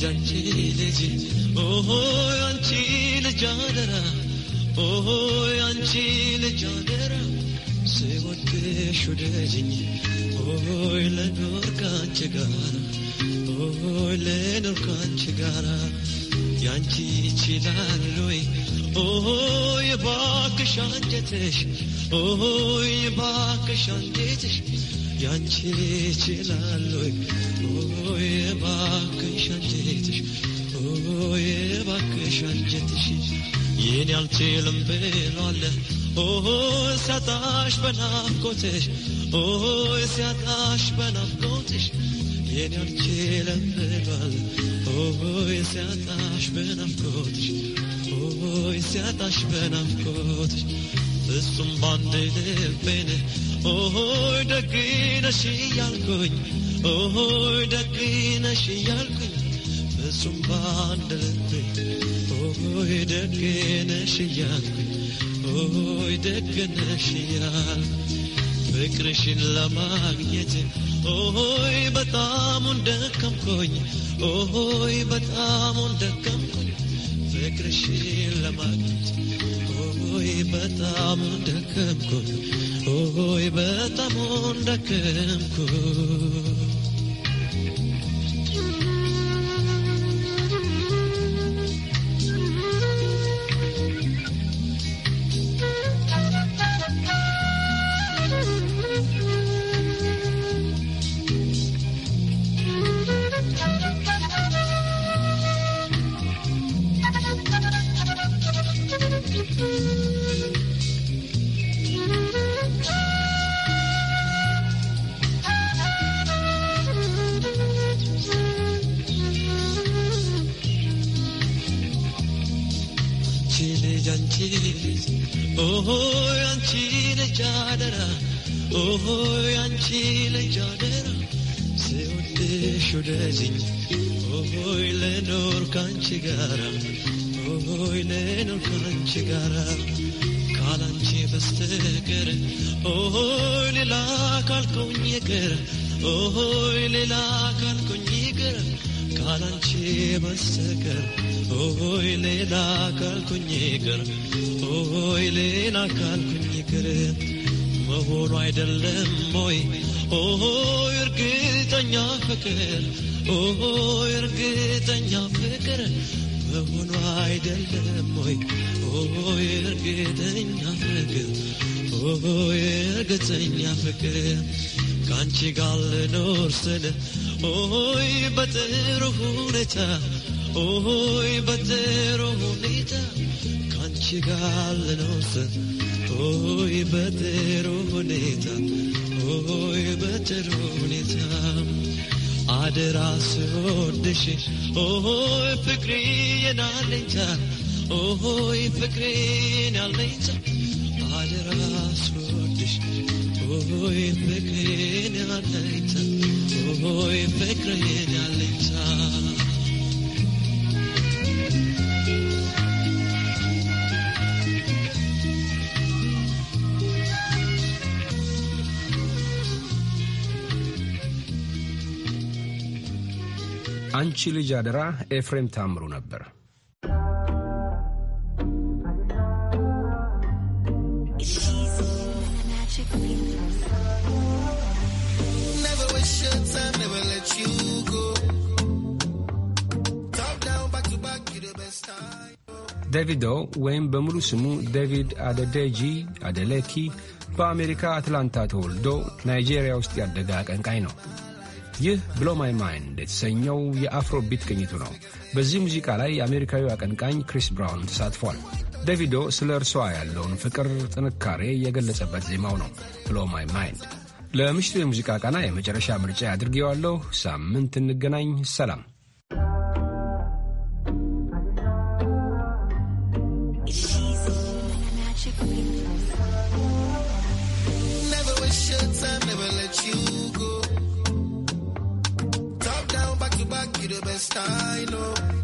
ልጅ አንቺ ልጅ ኦሆ አንቺ ልጅ አደራ ኦሆ አንቺ ልጅ አደራ ስወድሽ ቤትሽ እባክሽ አንጀትሽ ይህን ያልችልም ብሏል ሲያጣሽ በናፍቆትሽ ሲያጣሽ በናፍቆትሽ ይህን ያልችልም ብሏል ሲያጣሽ በናፍቆትሽ ሲያጣሽ በናፍቆትሽ ፍጹም ባንድ ልቤን ኦሆይ ደግነሽ እያልኩኝ ኦሆይ ደግነሽ እያልኩኝ ፍጹም ባንድ ልቤ ሆይ ደግነሽ እያልኩኝ ሆይ ደግነሽ እያልኩ ፍቅርሽን ለማግኘት ሆይ በጣሙን ደከምኩኝ ሆይ በጣሙን ደከምኩኝ ፍቅርሽን ለማግኘት ሆይ በጣሙን ደከምኩኝ ሆይ በጣሙን ደከምኩኝ ውደጅኝ ሆይ ካንቺ ጋራ ሆይ ልኖር ካንቺ ጋራ ካላንቺ በስተቀር ሆይ ሌላ ካልኩኝ ይቅር ሆይ ሌላ ካልኩኝ ይቅር ካላንቺ በስተቀር ሆይ ሌላ ካልኩኝ ይቅር ሆይ ሌላ ካልኩኝ ይቅር መሆኑ አይደለም ሆይ ሆይ እርግ እርግጠኛ ፍቅር ኦ እርግጠኛ ፍቅር በሆኑ አይደለም ወይ ኦ እርግጠኛ ፍቅር ኦ እርግጠኛ ፍቅር ከአንቺ ጋር ልኖር ስል ኦይ በጥሩ ሁኔታ ኦይ በጥሩ ሁኔታ ከአንቺ ጋር ልኖር ስል ኦይ በጥሩ ሁኔታ ሆይ በጥሩ ሁኔታ አደራ ስወድሽ ሆይ ፍቅሪ የናለኝታ ሆይ ፍቅሪ የናለኝታ አደራ ስወድሽ ሆይ ፍቅሪ የናለኝታ ሆይ ፍቅሪ አንቺ ልጅ አደራ ኤፍሬም ታምሩ ነበር። ዴቪዶ ወይም በሙሉ ስሙ ዴቪድ አደደጂ አደሌኪ በአሜሪካ አትላንታ ተወልዶ ናይጄሪያ ውስጥ ያደገ አቀንቃኝ ነው። ይህ ብሎ ማይ ማይንድ የተሰኘው የአፍሮ ቢት ቅኝቱ ነው። በዚህ ሙዚቃ ላይ የአሜሪካዊው አቀንቃኝ ክሪስ ብራውን ተሳትፏል። ዴቪዶ ስለ እርሷ ያለውን ፍቅር፣ ጥንካሬ የገለጸበት ዜማው ነው ብሎ ማይ ማይንድ። ለምሽቱ የሙዚቃ ቃና የመጨረሻ ምርጫ አድርጌዋለሁ። ሳምንት እንገናኝ። ሰላም። style, oh.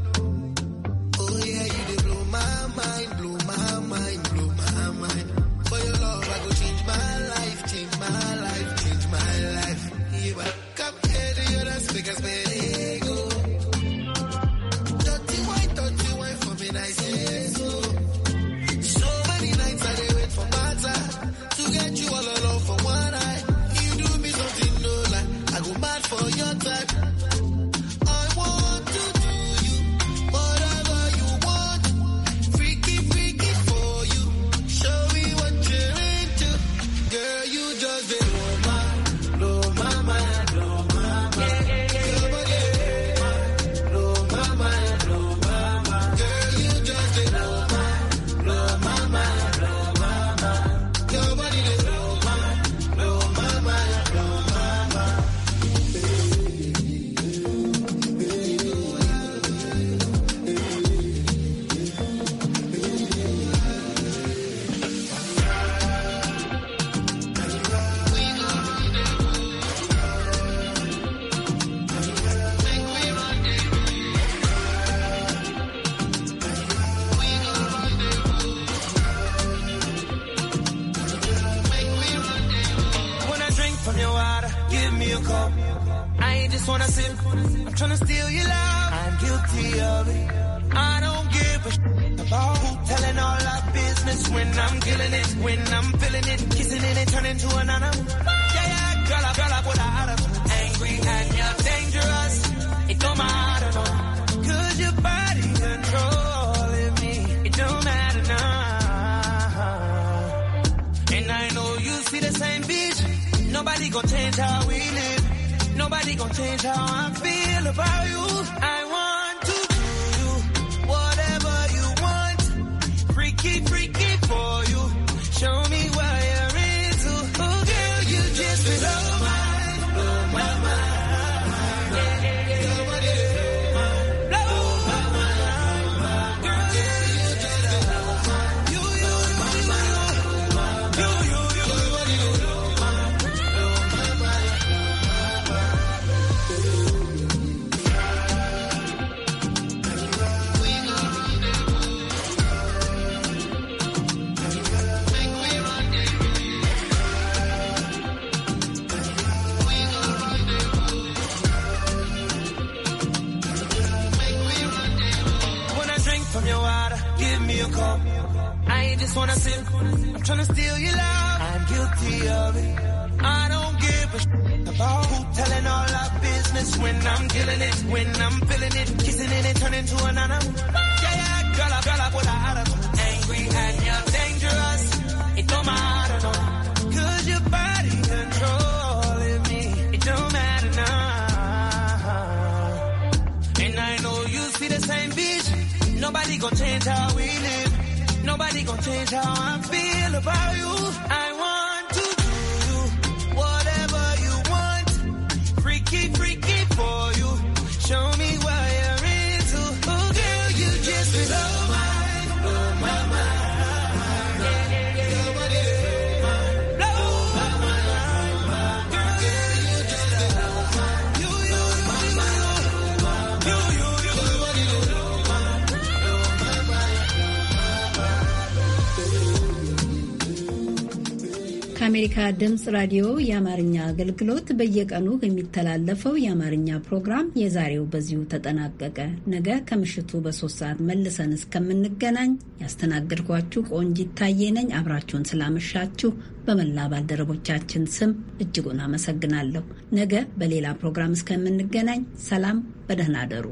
ራዲዮ የአማርኛ አገልግሎት በየቀኑ የሚተላለፈው የአማርኛ ፕሮግራም የዛሬው በዚሁ ተጠናቀቀ። ነገ ከምሽቱ በሶስት ሰዓት መልሰን እስከምንገናኝ ያስተናገድኳችሁ ቆንጅ ይታየ ነኝ። አብራችሁን ስላመሻችሁ በመላ ባልደረቦቻችን ስም እጅጉን አመሰግናለሁ። ነገ በሌላ ፕሮግራም እስከምንገናኝ ሰላም፣ በደህና አደሩ።